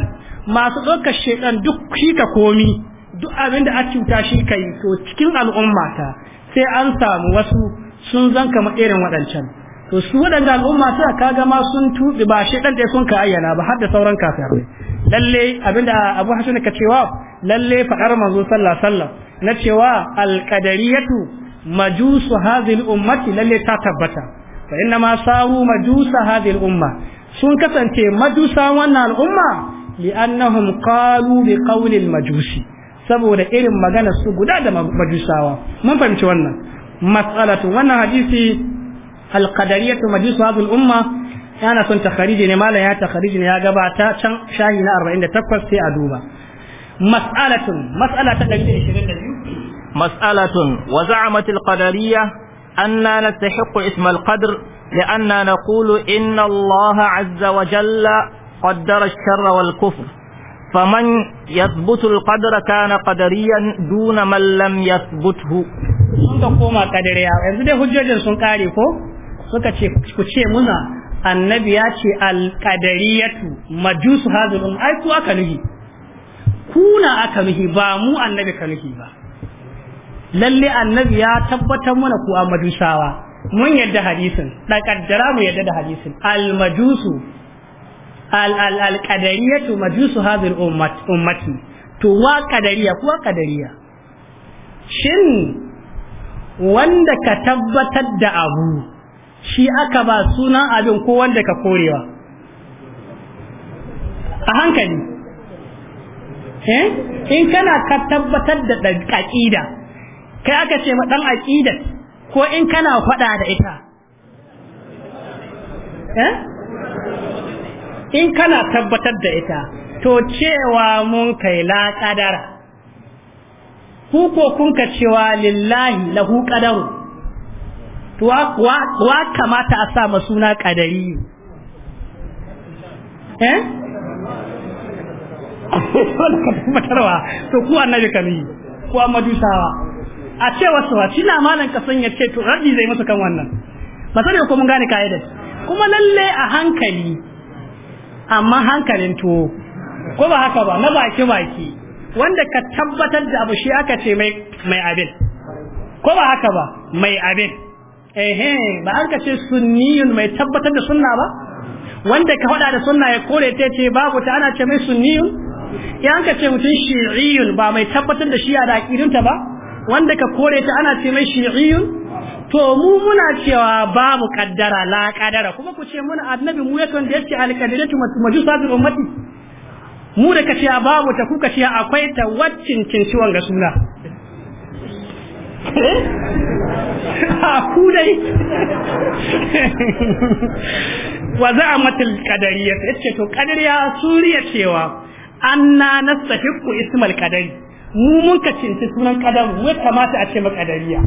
masu ɗaukar shedan duk shi ka komi duk abin da a cuta shi ka yi to cikin al'umma ta sai an samu wasu sun zan kama irin waɗancan to su waɗanda al'umma ta kaga ma sun tuɗi ba shedan ɗaya sun ka ayyana ba har da sauran kafirai lalle abinda abu hasan ka cewa lalle faɗar manzo sallallahu alaihi wasallam na cewa alƙadariyatu majusu hadhihi ummati lalle ta tabbata fa inna ma saru majusa hadhihi umma sun kasance majusa wannan al'umma li'annahum qalu bi qawli majusi saboda irin magana su guda da majusawa mun fahimci wannan mas'alatu wannan hadisi alqadariyatu majusu hadhihi umma yana son takhariji ne malam ya takhariji ne ya gabata can shahi na 48 sai a duba mas'alatun mas'ala ta 122 مسألة وزعمت القدرية أننا نستحق اسم القدر لأننا نقول إن الله عز وجل قدر الشر والكفر فمن يثبت القدر كان قدريا دون من لم يثبته sun ka koma kadariya yanzu dai hujjojin sun kare ko suka ce ku ce muna annabi ya ce alqadariyatu majusu hazilun ai ku aka nuhi kuna aka nuhi ba mu annabi ka nuhi ba lalle annabi ya tabbatar mana ku majusawa mun yadda hadisin da kaddara mu yadda da hadisin majusu al-qadariyatu majusu hadhihi ummati to wa qadariya kuwa qadariya shin wanda ka tabbatar da abu shi aka ba sunan abin ko wanda ka korewa a hankali eh in kana ka tabbatar da aqida kai aka ce ma dan aqida ko in kana faɗa da ita eh in kana tabbatar da ita to cewa mun kai la kadara ku ko kun ka cewa lillahi lahu qadaru to wa kamata a sa ma suna kadari eh to ku annabi kami ku amadusawa a ce wasu shi na malan kasan ya ce to rabi zai musu kan wannan ba sani ko mun gane kaidar kuma lalle a hankali amma hankalin tuwo ko ba haka ba na baki baki wanda ka tabbatar da abu shi aka ce mai mai abin ko ba haka ba mai abin ehe ba an ka ce sunniyun mai tabbatar da sunna ba wanda ka faɗa da sunna ya kore ta ce babu ta ana ce mai sunniyun ya an ka ce mutum shi'iyun ba mai tabbatar da shi a da ba wanda ka kore ta ana ce mai shi'iyun to mu muna cewa babu kaddara la kadara kuma ku ce muna annabi mu yakan da yace alqadiratu majusatu ummati mu da kace babu ta kuka ce akwai ta waccin cinciwan ga suna eh? a ku dai wa za'amatul qadariyya yace to qadariya suriya cewa anna nastahiqu ismal qadari mu mun ka cinci sunan kadar mu kamata a ce makadariya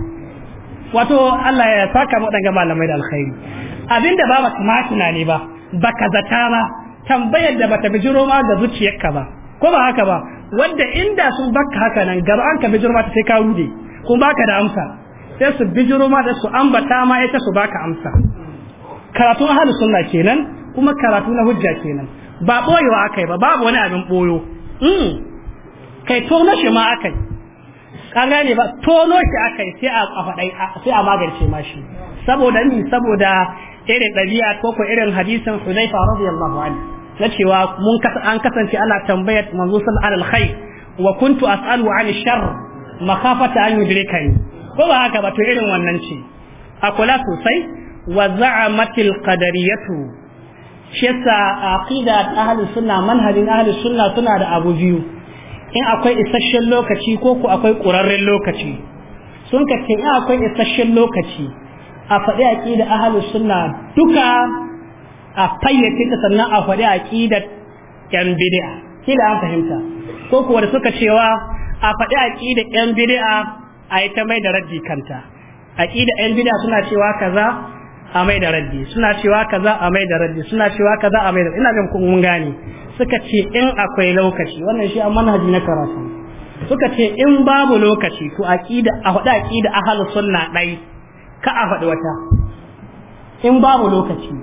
wato Allah ya saka mu daga malamai da alkhairi abinda ba baka ma tunani ba baka zata ba tambayar da bata bijiro ma da zuciyarka ba ko ba haka ba wanda inda sun baka haka nan gaba an ka bijiro ma ta sai ka rude kuma baka da amsa sai su bijiro ma da su ambata ma ita su baka amsa karatu ahlus sunna kenan kuma karatu na hujja kenan ba boyewa akai ba babu wani abin boyo mm. kai tono shi ma akai an gane ba tono shi akai sai a sai a magance ma shi saboda ni saboda irin ɗabi'a ko ko irin hadisin Hudayfa radiyallahu anhu na cewa mun an kasance ana tambayar manzo sallallahu alaihi khair wa kuntu as'alu an shar makafata an yudrikani ko ba haka ba to irin wannan ce a sosai wa za'amatil qadariyatu shi yasa aqida ahlus sunna manhajin ahlus sunna suna da abu biyu in akwai isasshen lokaci ko ku akwai ƙurarren lokaci sun ka ce in akwai isasshen lokaci a faɗi a ƙi da ahalus suna duka a fayyace ta sannan a faɗi a ƙi aƙidar yan ƙi da an fahimta ko kuwa da suka cewa a faɗi a ƙi da yan biri'a a yi ta mai da raddi kanta da yan bid'a suna cewa kaza a mai da raddi suna cewa kaza a mai da raddi suna cewa kaza a mai da ina ga mun gane suka ce in akwai lokaci wannan shi a manhaji na karatu suka ce in babu lokaci to aqida a hada aqida ahlus sunna dai ka a hada wata in babu lokaci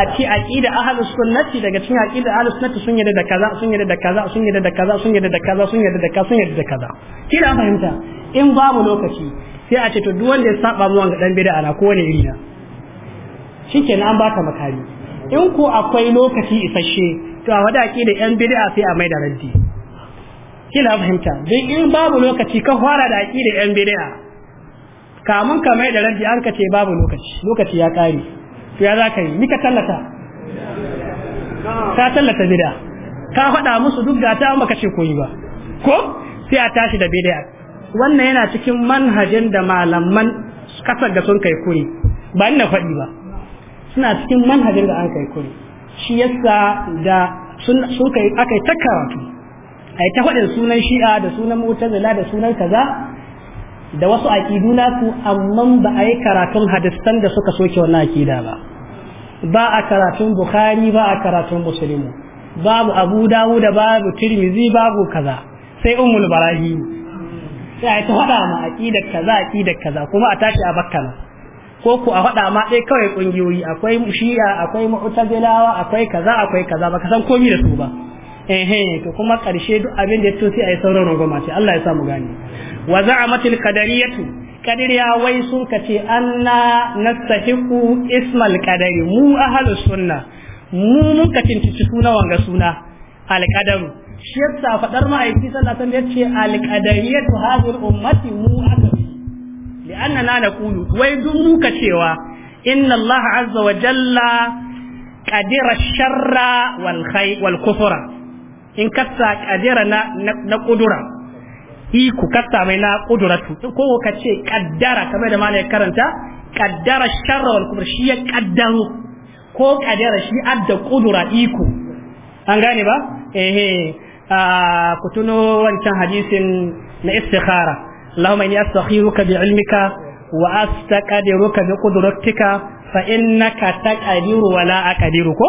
a ce aqida ahlus sunnati daga cikin aqida ahlus sunnati sun yadda da kaza sun yadda da kaza sun yadda da kaza sun yadda da kaza sun yadda da kaza sun yadda da kaza kina fahimta in babu lokaci sai a ce to duk wanda ya saba mu wanga dan bid'a na kowane iri na shikenan an baka makari in ko akwai lokaci isasshe to a wada ki da yan bid'a sai a mai da raddi kina fahimta dai in babu lokaci ka fara da aki da yan bid'a kamun ka mai da raddi an ka ce babu lokaci lokaci ya kare to ya zaka yi ni ka tallata ka tallata bid'a ka fada musu duk da ta ka ce koyi ba ko sai a tashi da bid'a wannan yana cikin manhajin da malaman kasar da sun kai kuri ba ina faɗi ba suna cikin manhajin da aka yi kuri shi yasa da sun kai aka yi ta karatu a yi ta sunan shi'a da sunan mutazila da sunan kaza da wasu aƙidu nasu amma ba a yi karatun hadistan da suka soke wannan aƙida ba ba a karatun bukhari ba a karatun muslimu babu abu da babu tirmizi babu kaza sai ummul barahi sai a ta faɗa ma aƙidar kaza aƙidar kaza kuma a tashi a bakkana ko ku a faɗa ma ɗaya kawai ƙungiyoyi akwai shi'a akwai mu'tazilawa akwai kaza akwai kaza ka san komi da su ba eh to kuma ƙarshe duk abin da ya sai ayi sauran rungoma ce Allah ya sa mu gane wa za'amatil qadariyatu qadariya wai sun kace anna nastahiqu ismal qadari mu ahlus sunna mu mun ka tintici suna wanga suna alqadaru shi yasa fadar ma'aiki sallallahu alaihi wasallam yace alqadariyatu hadhihi ummati mu aka li'annana naqulu wai duk muka cewa inna Allah azza wa jalla qadira sharra wal khay in kassa qadira na na qudura hi na qudratu ko ka ce kamar da malai karanta qaddara sharra wal kufra shi ya qaddaro ko qaddara shi adda qudura iko an gane ba eh wancan hadisin na istikhara اللهم إني أستخيرك بعلمك وأستقدرك بقدرتك فإنك تقدر ولا أقدرك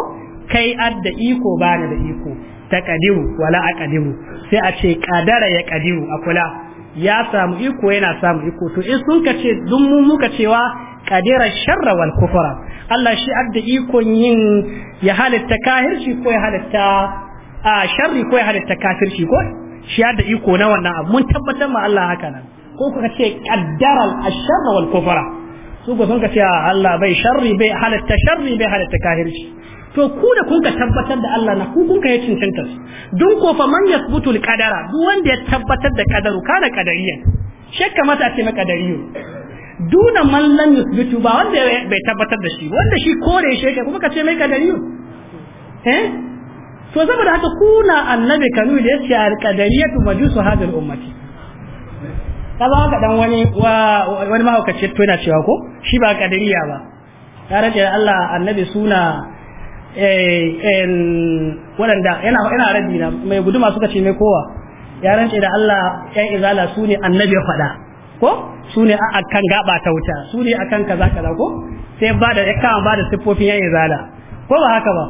كي أد إيكو بعد إيكو تقدر ولا أقدر سأتي قدر يقدر أقول يا سام إيكو ينا سام إيكو تو إسون كتي دمو مو kadira sharra wal kufra Allah shi adda ikon yin ya halitta kahirci ko ya halitta a sharri ko ya halitta kafirci ko shi da iko na wannan abu mun tabbatar ma Allah haka nan ko kuka ce qaddara al-sharr wal kufra su ko sun ka ce ah, Allah bai sharri bai halatta sharri bai halatta kahirci to ku da kun ka tabbatar da Allah na ku kun ka yi cancanta dun ko fa man yasbutul qadara duk wanda ya tabbatar da kadaru kana kadariyan shakka mata ce na kadariyo duna man lam yusbitu ba wanda bai tabbatar da shi wanda shi kore shi kuma ka ce mai kadariyo eh to saboda haka kuna annabi kanu da yace alqadariyatu majusu hadal ummati kaza ka dan wani wani hukace to yana cewa ko shi ba qadariya ba ya rage Allah annabi suna eh wadanda yana yana rabi na mai guduma suka ce mai kowa ya rance da Allah kai izala sune annabi faɗa ko sune a kan gaba ta wuta sune a kan kaza kaza ko sai ba da ya kama ba da siffofin yan izala ko ba haka ba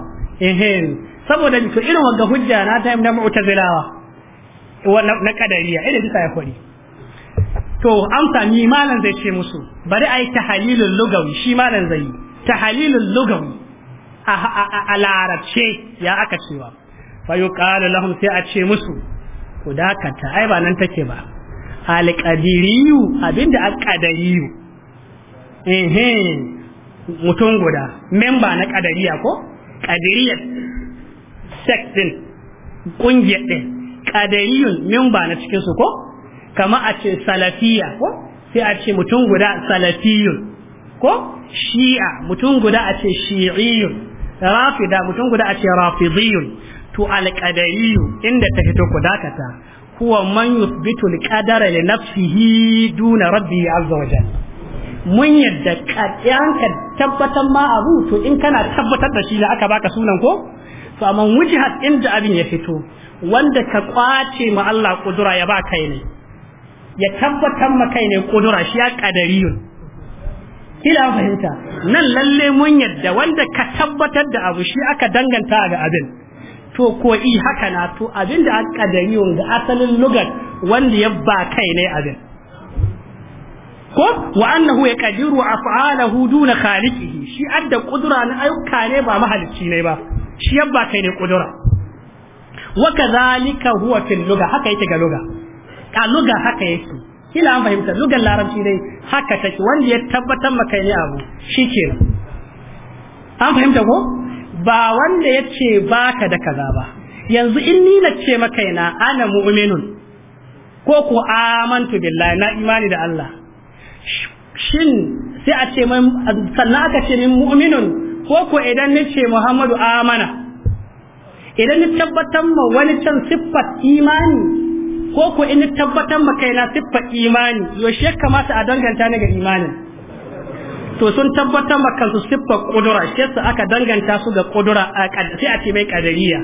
ehem saboda to irin wanga hujja na ta da mu'tazilawa na kadariya irin bisa ya kori to amsa ni malan zai ce musu bari ai tahalilul lugawi shi malan zai tahalilul lugawi a larabce ya aka cewa fa yuqalu lahum sai a ce musu ku dakata ai ba nan take ba alqadiriyu abinda alqadariyu ehe mutum guda memba na kadariya ko kadiriyar sect din ɗin din min memba na cikin su ko kama a ce salafiya ko sai a ce mutum guda salafiyun ko shi'a mutum guda a ce shi'iyun rafida mutum guda a ce rafidiyun to alqadariyu inda ta fito ku dakata huwa man yuthbitu alqadara li nafsihi duna rabbi azza wa jalla mun yadda yanka tabbatar ma abu to in kana tabbatar da shi la aka baka sunan ko to amma wujhat inda abin ya fito wanda ka kwace ma Allah kudura ya ba kai ne ya tabbatar ma kai ne kudura shi ya yun. kila fahimta nan lalle mun yadda wanda ka tabbatar da abu shi aka danganta ga abin to ko i haka na to abin da aka ga asalin lugar wanda ya ba kai ne abin ko wa annahu na af'alahu duna khaliqihi shi adda kudura na ayyuka ne ba mahalicci ne ba shi yabba kai ne kudura wa kadhalika huwa fil lugha haka yake ga lugha ka lugha haka yake kila an fahimta lugar larabci dai haka take wanda ya tabbatar maka ne abu shikenan an fahimta ko ba wanda ya ce baka da kaza ba yanzu in ni na ce maka ina ana mu'minun ko ku amantu billahi na imani da Allah shin sai a ce mai sannan aka ce min mu'minun ko ko idan nace Muhammadu amana idan ni tabbatar ma wani can siffar imani ko ko in tabbatar ma kaina siffar imani yaushe ya kamata a danganta ni ga imanin to sun tabbatar ma kansu siffar kudura shi yasa aka danganta su ga kudura a kaddace a ce mai kadariya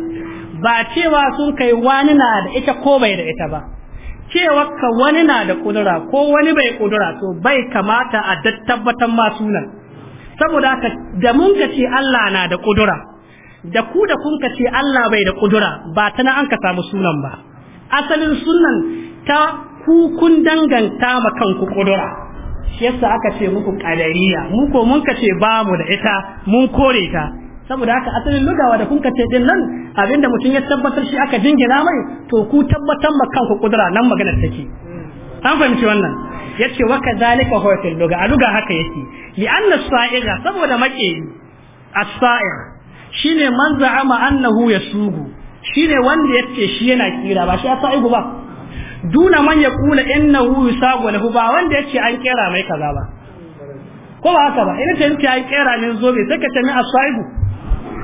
ba cewa sun kai wani na da ita ko bai da ita ba cewa ka wani na da kudura ko wani bai kudura to bai kamata a tabbatar ma sunan saboda haka da mun ka ce Allah na da kudura da ku da kun ka ce Allah bai da kudura ba ta na an ka samu sunan ba asalin sunan ta ku kun danganta ma kanku kudura shi yasa aka ce muku qadariya mu ko mun ka ce ba mu da ita mun kore ta saboda haka asalin lugawa da kun ka ce din nan abinda mutum ya tabbatar shi aka jingina mai to ku tabbatar ma kanku kudura nan magana take an fahimci wannan yace wa kadhalika huwa fil lugha a lugha haka yake li'anna sa'ira saboda makeyi as-sa'ir shine man za'ama annahu yasugu shine wanda yace shi yana kira ba shi as-sa'igu ba duna man kula innahu yusagu lahu ba wanda yace an kera mai kaza ba ko ba haka ba ina ce ni an kera zo zobe sai ka ce ni as-sa'igu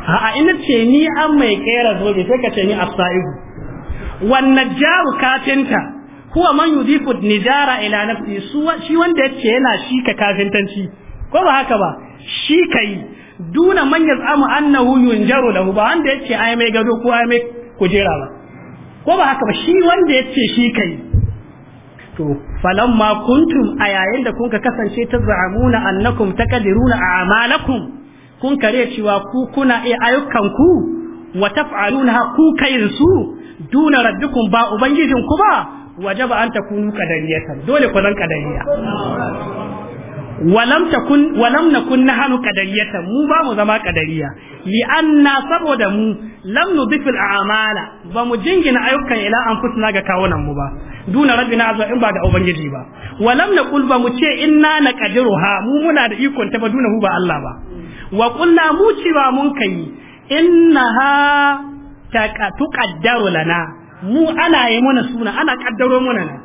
a ina ce ni an mai kera zobe sai ka ce ni as-sa'igu wannan jaru katinta huwa man yudifu nijara ila nafsi shi wanda yace yana shi ka kafintanci ko ba haka ba shi kai duna man yazamu annahu yunjaru lahu ba wanda yace ai mai gado ko ai mai kujera ba ko ba haka ba shi wanda yace shi kai to falamma kuntum a yayin da ka kasance ta za'amuna annakum takadiruna a'malakum kun kare cewa ku kuna iya ku wa taf'aluna ku kayin su duna rabbikum ba ubangijinku ba Waje ba an takunu qadariyatan dole ku zan walam takun walam nakun nahnu qadariyatan mu ba mu zama kadariya. li anna saboda mu lam nudif al a'mala ba mu jingina ayyukan ila fusna ga kawunan mu ba duna rabbina azza in ba ga ubangiji ba walam naqul ba mu ce inna naqdiruha mu muna da ikon ta ba duna hu ba Allah ba wa qulna mu ci ba mun kai innaha taqaddaru lana mu ana yi mana suna ana kaddaro mana na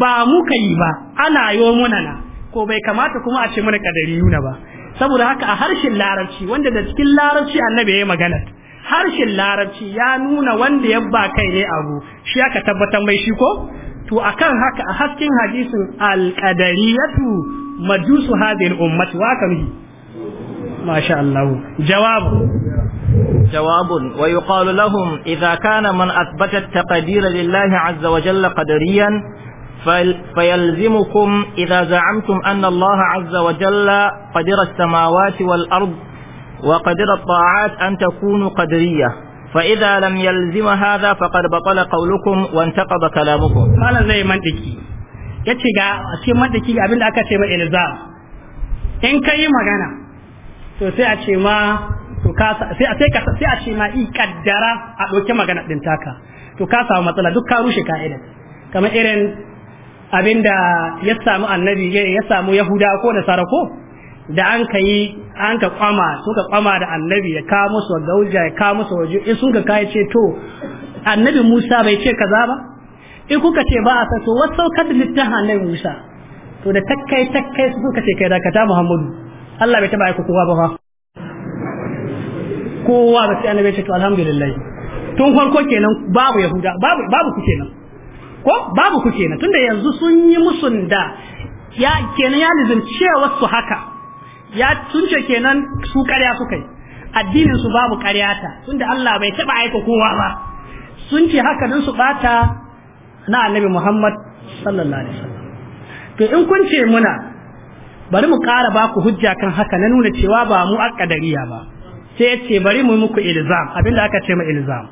ba mu yi ba ana yi mana na ko bai kamata kuma a ce mana kadari yuna ba saboda haka a harshen larabci wanda da cikin larabci annabi ya yi magana harshen larabci ya nuna wanda ya ba kai ne abu shi aka tabbatar mai shi ko to akan haka a hasken hadisin alqadariyatu majusu hadhihi ummati wa kamhi masha Allah jawabu جواب ويقال لهم إذا كان من أثبت التقدير لله عز وجل قدريا فيلزمكم إذا زعمتم أن الله عز وجل قدر السماوات والأرض وقدر الطاعات أن تكونوا قدرية فإذا لم يلزم هذا فقد بطل قولكم وانتقض كلامكم ما زي منطقي yace ga ce mantaki abin da aka ce mai ilzam in kai magana to sai a ce ma to ka sai a sai sai a ce ma i kaddara a doke magana din taka to ka samu matsala duk ka rushe ka'ida kamar irin abinda ya samu annabi ya samu yahuda ko da sarako da an ka yi an ka kwama ka kwama da annabi ya kawo musu gauja ya kawo musu waje in sun ka kayi ce to annabi Musa bai ce kaza ba in kuka ce ba a san to wasu kada littafin annabi Musa to da takkai takkai kuka ce kai dakata Muhammadu Allah bai taba aiko kowa ba kowa ba sai annabi ya ce to alhamdulillah tun farko kenan babu yahuda babu babu ku kenan ko babu ku kenan tunda yanzu sun yi musun da ya kenan ya cewa wasu haka ya sun ce kenan su karya suka yi addinin su babu karyata tunda Allah bai taba aika kowa ba sun ce haka dan su bata na annabi Muhammad sallallahu alaihi wasallam to in kun ce muna bari mu ƙara ba ku hujja kan haka na nuna cewa ba mu akadariya ba sai ce bari mu muku ilzam abinda aka ce ma ilzam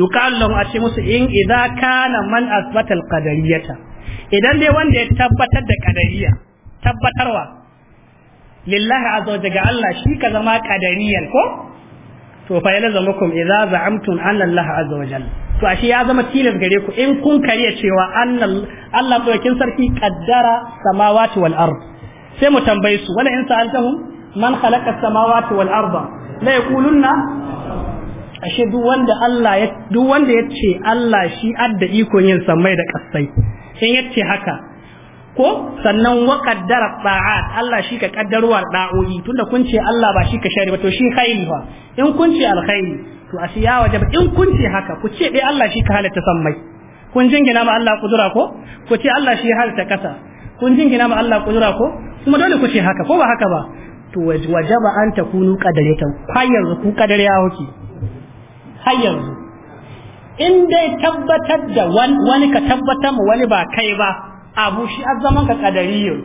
yuqalu lahum a ce musu in idza kana man asbata alqadariyata idan dai wanda ya tabbatar da qadariya tabbatarwa lillahi azza wa jalla Allah shi ka zama qadariyan ko to fa yalzamukum idza za'amtum anna Allah azza wa jalla to ashe ya zama tilas gare ku in kun kariya cewa annal Allah dokin sarki qaddara samawati wal ard sai mu tambaye su wala in sa'altahum man khalaqa samawati wal arda la yaqulunna ashe duk wanda Allah ya duk wanda yace Allah shi adda iko yin samai da kasai in yace haka ko sannan wa qaddara ta'at Allah shi ka kaddarwa da'o'i tunda kun ce Allah ba shi ka share ba to shi khairi fa in kun ce alkhairi to ashe ya wajab in kun ce haka ku ce dai Allah shi ka halatta samai kun jingina ma Allah kudura ko ku ce Allah shi halatta kasa kun jingina ma Allah kudura ko kuma dole ku ce haka ko ba haka ba to wajaba an ta qadaratan kai kwayar ku kadare ya hoki har in dai tabbatar da wani ka tabbatar mu wani ba kai ba abu shi azzaman ka kadari yau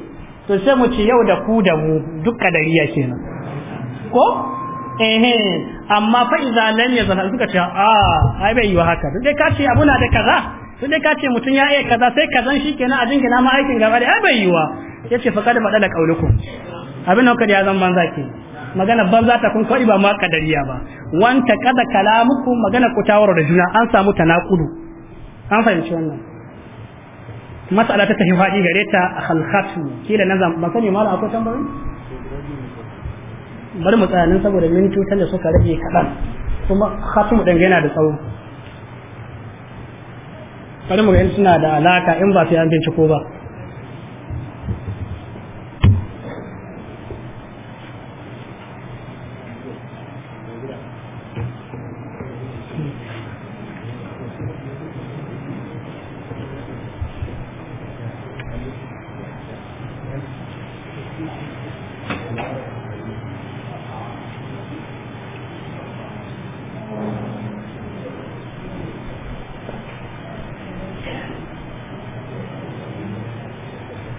to sai mu ce yau da ku da mu duk kadari ya kenan ko eh amma fa idza lam yazal suka ce a ah, ai bai yi haka dai ka ce abu na da kaza dai ka ce mutum ya iya kaza sai kazan shi kenan a jingina ma aikin gaba da ai bai yi wa yace fa kada madala kaulukum abin da ya zan banza ke magana banza ta kun kwaɗi ba ma kadariya ba wanta kada kalamuku magana ku tawaro da juna an samu tanakudu an fahimci wannan mas'ala ta tafi faɗi gare ta halkatu Ke da nazar ba sani mala akwai tambari bari mu tsaya nan saboda mintutan da suka rage kaɗan kuma khatumu ɗan yana da tsawo bari mu ga suna da alaka in ba su yi an binciko ba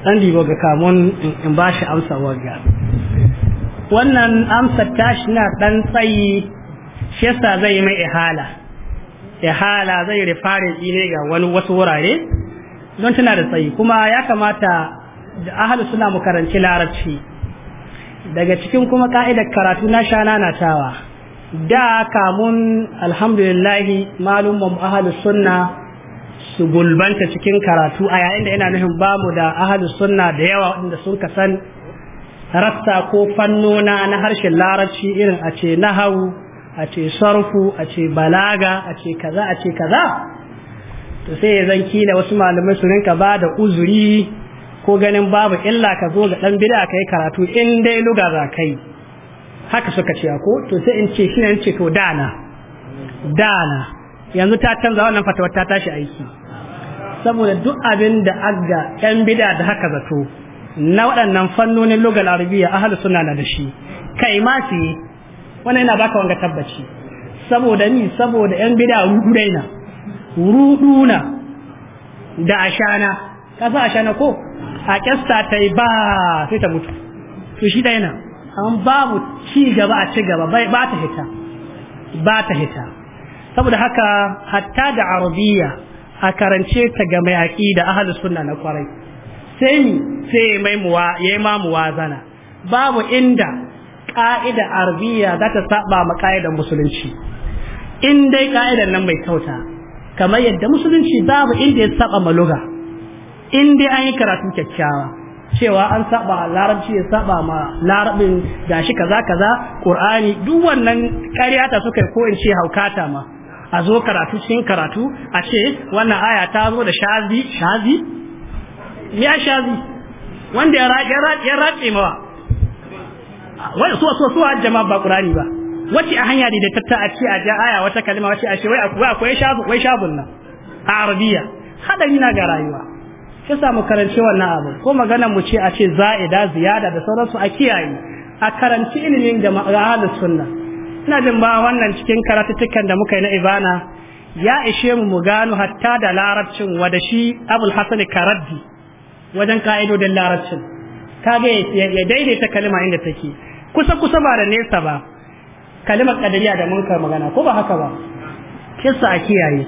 dan dibo ga kamun in ba shi amsa wagga wannan amsa tashi na dan tsayi shi yasa zai mai ihala ihala zai rifare ne ga wani wasu wurare don tana da tsayi kuma ya kamata da ahalu suna mu larabci daga cikin kuma ka'idar karatu na sha nanatawa da kamun alhamdulillahi malumman ahalu sunna su gulbanta cikin karatu a yayin da ina nufin ba mu da ahalu sunna da yawa inda sun ka san rasta ko fannona na harshen larabci irin a ce nahawu a ce sarfu a ce balaga a ce kaza a ce kaza to sai zan kila wasu malamai su rinka ba da uzuri ko ganin babu illa ka zo ga dan bid'a kai karatu in dai luga za kai haka suka ce ko to sai in ce shi ne in ce to dana dana yanzu ta canza wannan fatawar ta tashi aiki saboda duk abin da aga ƴan bida da haka zato na waɗannan fannonin lugal arabiya ahalu suna na da shi kai ma ce wannan yana baka wanga tabbaci saboda ni saboda yan bida ruɗuna ruduna da ashana ka sa ashana ko a kyasta ta yi ba sai ta mutu to shi ɗaya na an babu ci gaba a ci gaba ba ta hita ba ta hita saboda haka hatta da arabiya a karance ta ga mai da ahlus suna na kwarai sai mi sai mai muwa yayi ma muwazana babu inda ƙa'ida arabiya za ta saba ma ka'idar musulunci in dai ka'idar nan mai kyauta kamar yadda musulunci babu inda ya saba ma luga in dai an yi karatu kyakkyawa cewa an saba larabci ya saba ma larabin gashi kaza kaza qur'ani duk wannan ƙarya ta suka ko in ce haukata ma a zo karatu cikin karatu a ce wannan aya ta zo da shazi shazi ya shazi wanda ya raƙe ya raƙe mawa wai so so so jama'a ba qur'ani ba wace a hanya da tatta a ce a ja aya wata kalma wace a ce wai akwai akwai shazi wai shabun nan a arabiya hadari na ga rayuwa sai samu karance wannan abu ko magana mu ce a ce za'ida ziyada da sauransu a kiyaye a karanci ilimin da ma'ahalus sunna ina jin ba wannan cikin karatuttukan da muka yi na ibana ya ishe mu mu gano hatta da larabcin wada shi abul hasan karaddi wajen ka'idodin larabcin kage ya daidaita kalma inda take kusa kusa ba da nesa ba kalimar kadariya da munkar magana ko ba haka ba kissa a kiyaye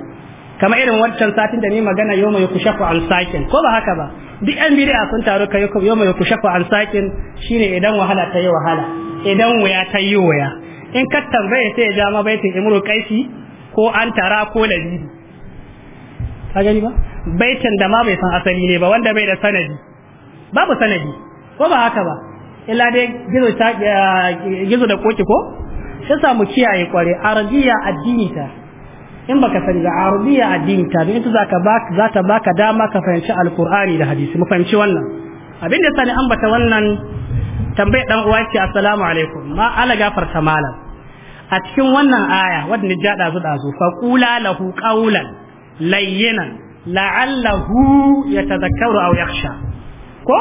kamar irin wancan satin da ni magana yau mai kushafu an sakin ko ba haka ba duk yan bid'a sun taru kai yau mai kushafu an sakin shine idan wahala ta yi wahala idan waya ta yi waya in ka tambaye sai ya ja ma baitin imru kaisi ko an tara ko ladidi ka gani ba baitin da ma bai san asali ne ba wanda bai da sanadi babu sanadi ko ba haka ba illa dai gizo ta eh, gizo da koki ko sai samu kiyaye kware arabiya addini ta in baka sani da arabiya addini ta don za ka baka zata baka dama ka fahimci alqur'ani da hadisi mu fahimci wannan abin da sani ambata wannan tambayar dan uwa ce assalamu alaikum ma ala gafarta malam a cikin wannan aya wadda ni jada zu dazu fa qula lahu qawlan layyinan la'allahu yatadhakkaru aw yakhsha ko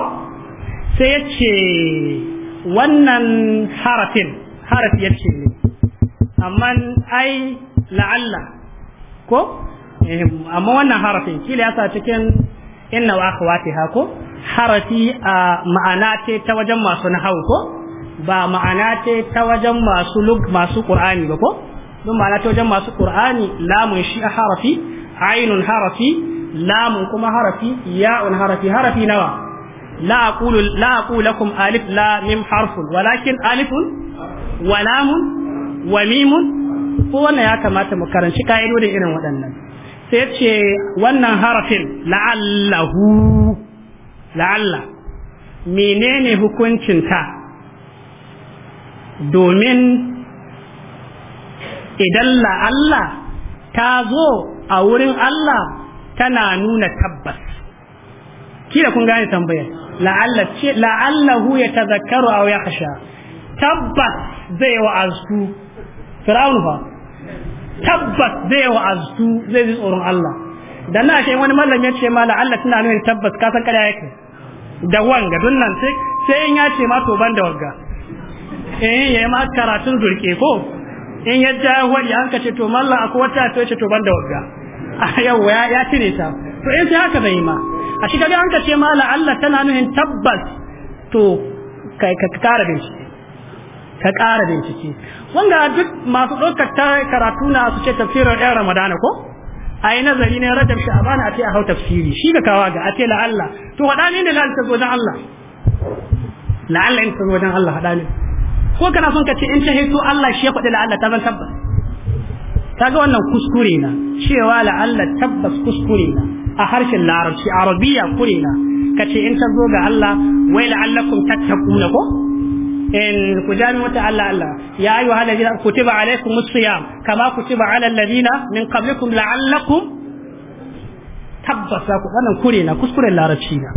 sai yace wannan harafin harafi yace ne amma ai la'alla ko amma wannan harafin kila yasa cikin inna wa akhwatiha ko harafi a ma'ana ce ta wajen masu nahawu ko ba ma'ana ce ta wajen masu lug masu qur'ani ba ko don ma'ana ta wajen masu qur'ani lamun shi harafi ainun harafi lamun kuma harafi ya'un harafi harafi nawa la aqulu lakum alif la mim harfun walakin alifun wa lamun wa mimun ko wannan ya kamata mu karanci ka'idodin irin waɗannan sai ce wannan harafin la'allahu la'alla menene hukuncinta domin idan la'alla ta zo a wurin Allah tana nuna tabbas kira kun gane tambayar la'alla ce ta ya tazakkaru aw yakhsha tabbas zai wa'aztu fir'aun fa tabbas zai wa'aztu zai ji tsoron Allah dan na shi wani mallam ya ce ma la'alla tana nuna tabbas ka san kada yake da wanga dunnan sai sai in ya ce ma to ban da wanga eh yayi ma karatun zurke ko in ya ja wani an ce to mallan akwai wata to ce to banda wagga ah, yawa ya ya tire ta to in sai haka bai ma a shi kaga an ka ce mala Allah tana nuhin tabbas to ka kara bincike ka kara bincike wanda duk masu ɗaukar ta karatu na su ce tafsirin ɗan ramadana ko a yi nazari ne shi abana a ce a hau tafsiri shi ga kawa ga a ce la'alla to wadani ne da ta zo don Allah la'alla in ta zo don Allah haɗa ne ko kana son ka ce in ta hito Allah shi ya faɗi la'alla ta zan tabbas kaga wannan kuskure na cewa la'alla tabbas kuskure na a harshen larabci arabiya kure na ka ce in ta zo ga Allah wai la'allakum tattaquna ko in ku jami wata Allah Allah ya ayu halajina kutiba alaikum siyam kama kutiba ala alladina min qablikum la'allakum tabbasa ku wannan kure na kuskuren larabci na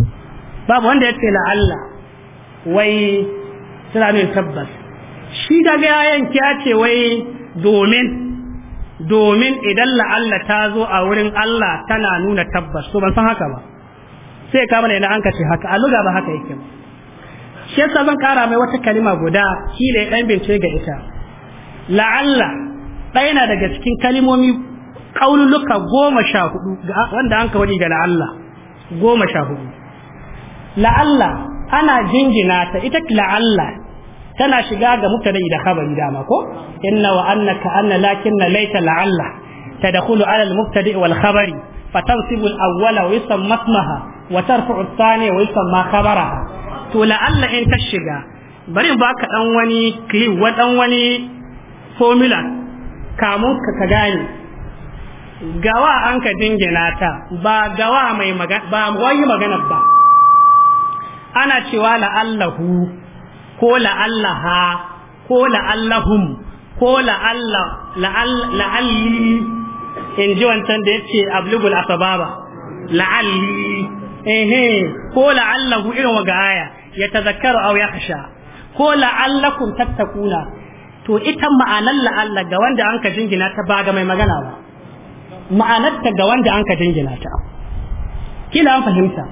babu wanda ya ce la'alla wai suna nuna tabbas shi ga 'ya'yan yanki ya ce wai domin domin idan la'alla ta zo a wurin Allah tana nuna tabbas to ban san haka ba sai ka mana idan an kace haka a luga ba haka yake ba shi yasa zan kara mai wata kalima guda shi ya dan bince ga ita la'alla ɗaya na daga cikin kalimomi kaululuka goma sha hudu wanda an ka wani ga la'alla goma sha hudu la'alla ana jingina ta ita la'alla tana shiga ga mubtada'i da khabari dama ko inna wa annaka anna lakinna laita la'alla tadkhulu ala al-mubtada'i wal khabari fatansibu al-awwala wa yusamma ismaha wa tarfa'u ath-thaniya wa yusamma khabaraha to la'alla in ta shiga bari ba ka dan wani clip wa dan wani formula kamun ka ka gane gawa an ka dingina ta ba gawa mai magana ba wani magana ba ana cewa la'allahu ko la'allaha ko la'allahum ko la'alli in ji wancan da ya ce ablugul asababa la'alli ehe ko la'allahu irin waga aya ya tazakkaru aw yakhsha ko la'allakum tattakuna to ita ma'anar la'alla ga wanda an ka jingina ta ba ga mai magana ba ma'anar ta ga wanda an ka jingina ta kila an fahimta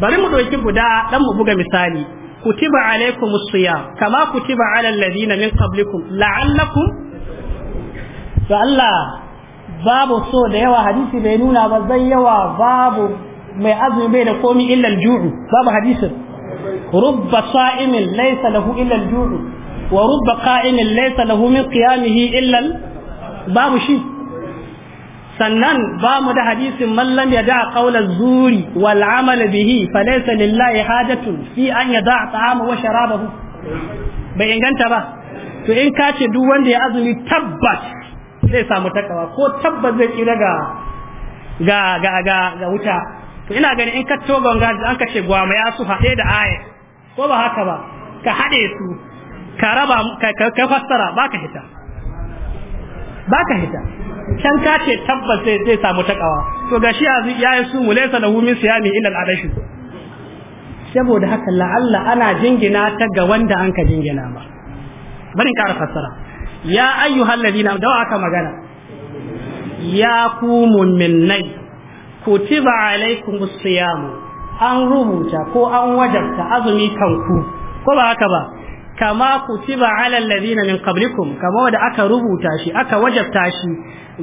bari mu ɗauki guda dan mu buga misali kutiba alaikum siyam kama kutiba ala alladhina min qablikum la'allakum to Allah babu so da yawa hadisi bai nuna ba zai yawa babu mai azumi bai da komi illa al-ju'u babu hadisin rubba sa'imin laysa lahu illa al-ju'u wa rubba min qiyamihi babu shi sannan ba mu da hadisin mallam ya da kaula zuri wal amal bihi laysa lillahi hajatun fi an yada ta'ama wa sharabahu bai inganta ba to in ka ce duk wanda ya azumi tabbas zai samu takawa ko tabbas zai kira ga ga ga ga ga wuta to ina gani in ka to ga an ka ce gwama ya su haɗe da aya ko ba haka ba ka haɗe su ka raba ka fassara ba hita ba ka hita can ka ce tabbas zai samu takawa to ga gashi ya yi su mulaisa lahu min siyami illa al'adashi saboda haka la'alla ana jingina ta ga wanda an ka jingina ba bari ƙara fassara ya ayyuhal ladina da aka magana ya ku mu'minnai kutiba alaikum siyamu an rubuta ko an wajabta azumi kanku ko ba haka ba kama tiba ala ladina min qablikum kama wanda aka rubuta shi aka wajabta shi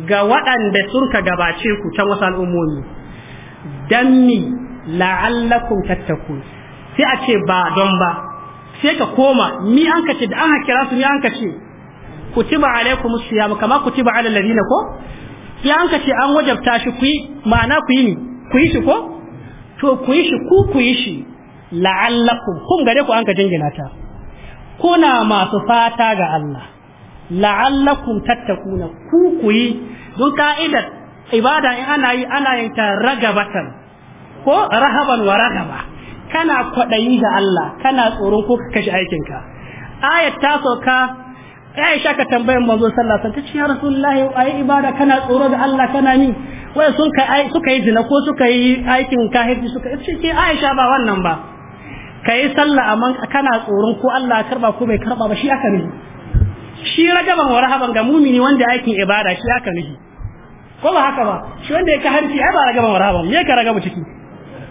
ga waɗanda sun ka gabace ku ta wasu al'ummomi danni la'allakum tattakun sai a ce ba don ba sai ka koma ni an ka ce da an hakira su ni an ka ce tiba alaikum siyam kama tiba ala ladina ko sai an ka ce an wajabta shi ku yi ma'ana ku yi ni ku yi shi ko to ku yi shi ku ku yi shi la'allakum kun gare ku an ka jingina ta kuna masu fata ga Allah la'allakum tattakuna ku kuyi don ka'idar ibada in ana yi ana yin ta ragabatan ko rahaban wa ragaba kana kwaɗayi ga Allah kana tsoron ko kashi aikin aikinka ayat ta sauka Aisha ka tambayan manzo sallallahu alaihi wasallam tace ya rasulullahi ayi ibada kana tsoro da Allah kana ni wai sun kai suka yi zina ko suka yi aikin kahirci suka ce Aisha ba wannan ba kai sallah amma kana tsoron ko Allah karba ko bai karba ba shi aka nufi shi rajaban wa rahaban ga mumini wanda aikin ibada shi aka nufi ko ba haka ba shi wanda ya ka ai ba ragaban wa rahaban me ka mu ciki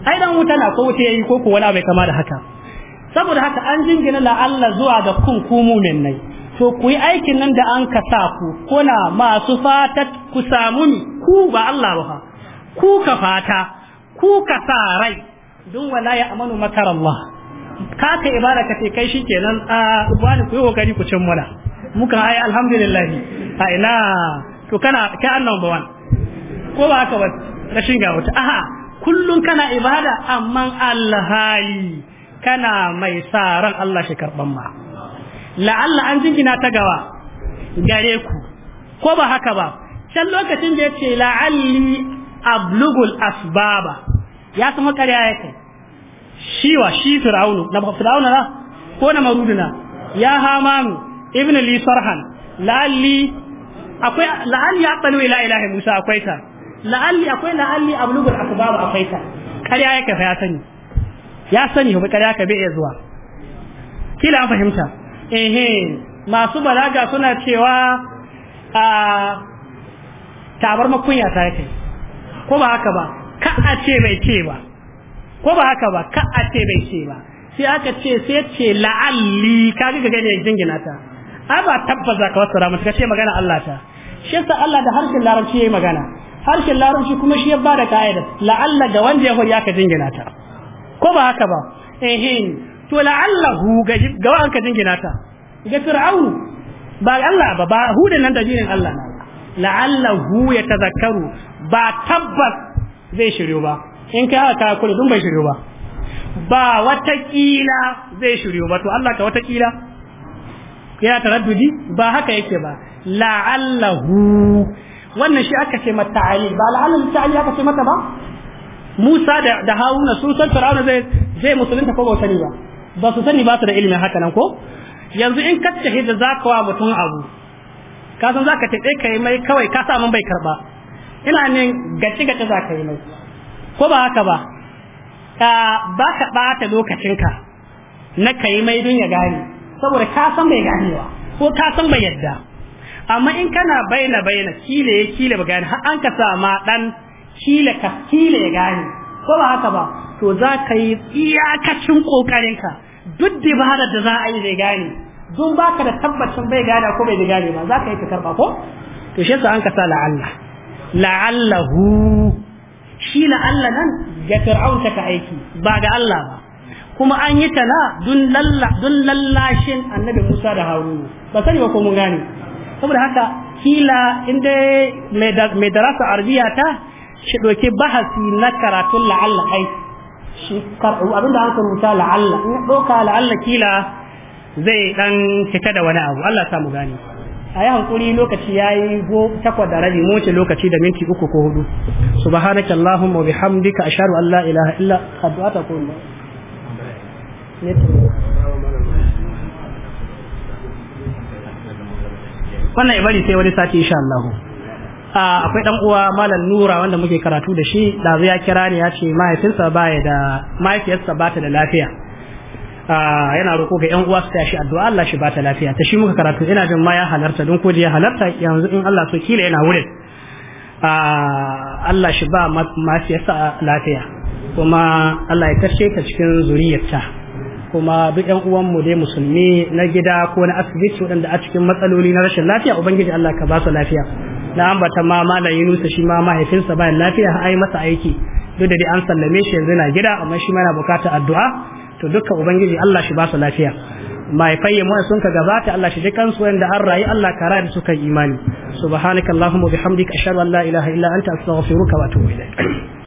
ai dan wuta na ko wuta yayi ko ko wani bai kama da haka saboda haka an jingina la Allah zuwa ga kun ku mumin nai to ku yi aikin nan da an ka sa ku kuna masu fatat ku samu ni ku ba Allah ba ku ka fata ku ka sa rai dun wala ya amanu makar Allah ka ka ibada ka ce kai nan? a ubani ku yi kokari ku cin muna muka ai alhamdulillah a ina to kana kai annan wan? ko ba haka ba rashin ga wata aha kullun kana ibada amma alhali kana mai tsaron Allah shi karban ma la'alla an jingina ta gawa gare ku ko ba haka ba can lokacin da ya ce la'alli ablugul asbaba ya san karya ya kai shiwa shi fir'aunu na fir'auna na ko na maruduna ya hamanu ibn li sarhan la'alli akwai la'alli tsalo ila ilahi musa akwai ta la'alli akwai la'alli ablugul akbab akwai ta ƙarya yake fa ya sani ya sani ba ƙarya ka bai zuwa kila an fahimta eh masu balaga suna cewa a tabar makunya ta yake ko ba haka ba ka a ce bai ce ba ko ba haka ba ka a ce bai ce ba sai aka ce sai ce la'alli ka ga ga ne jingina ta ai ba za ka wasu ramu ka ce magana Allah ta shi yasa Allah da harshen larabci yayi magana harshen larabci kuma shi ya ba da ka'ida la'alla ga wanda ya hori aka jingina ta ko ba haka ba ehin to la'allahu ga ga wanda ka jingina ta ga fir'aun ba Allah ba ba hu da nan da jinin Allah na la'allahu yatazakkaru ba tabbas zai shiryo ba in kai haka kure dun bai shiryu ba ba watakila zai shiryu ba to Allah ka watakila ya taraddudi ba haka yake ba la'allahu wannan shi aka ce mata ta'ali ba la'allahu ta'ali aka ce mata ba Musa da Haruna sun san Fir'auna zai zai musulunta ko ba sani ba ba su sani ba su da ilimin haka nan ko yanzu in ka tafi da zaka wa mutum abu ka san zaka tafi kai mai kawai ka sa mun bai karba ina ne gaci gaci zaka yi mai ko ba haka ba ba ka ɓata lokacinka na ka yi mai ya gane saboda ka san bai ganewa ko ka san bai yadda amma in kana baina baina kile ya kile ba gane har an ka sa dan kile ka kile ya gane ko ba haka ba to za ka yi iyakacin kokarinka duk dabarar da za a yi zai gane don ka da tabbacin bai gane ko bai gane ba za ka yi ka karɓa ko to shi yasa an ka sa la'alla la'allahu shi na Allah nan ga fir'aun ta ka aiki ba da Allah ba kuma an yi ta dun lallashin annabi Musa da Haruna ba sani ba ko mun gane saboda haka kila inda mai darasa arabiya ta shi doke bahasi na karatun la'alla kai shi abin da aka rubuta la'alla in ɗauka la'alla kila zai dan fita da wani abu Allah ya samu gane a yi hankuri lokaci ya yi takwa da rabi mun lokaci da minti uku ko hudu subhanaka allahumma bihamdika asharu an la ilaha illa addu'a ko ne wannan ya bari sai wani sati insha Allah akwai dan uwa malam nura wanda muke karatu da shi da ya kira ne ya ce mahaifinsa baya da mahaifiyarsa ba ta da lafiya yana roƙo ga ƴan uwa su tashi addu'a Allah shi bata lafiya ta shi muka karatu ina jin ma ya halarta don ko ya halarta yanzu in Allah so kila yana wurin Allah shi ba ma mafiyarsa lafiya kuma Allah ya tashe ta cikin zuriyarta kuma duk ƴan uwan mu dai musulmi na gida ko na asibiti waɗanda a cikin matsaloli na rashin lafiya ubangiji Allah ka ba su lafiya na ambata ma malam Yunus shi ma mahaifinsa bayan lafiya ai masa aiki duk da dai an sallame shi yanzu na gida amma shi ma yana bukatar addu'a to duka ubangiji Allah shi ba su lafiya mahaifayya mu sun ka gabata Allah shi dukan su wanda an rayu Allah kara da suka imani subhanakallahumma bihamdika ashhadu an la ilaha illa anta astaghfiruka wa atubu ilaik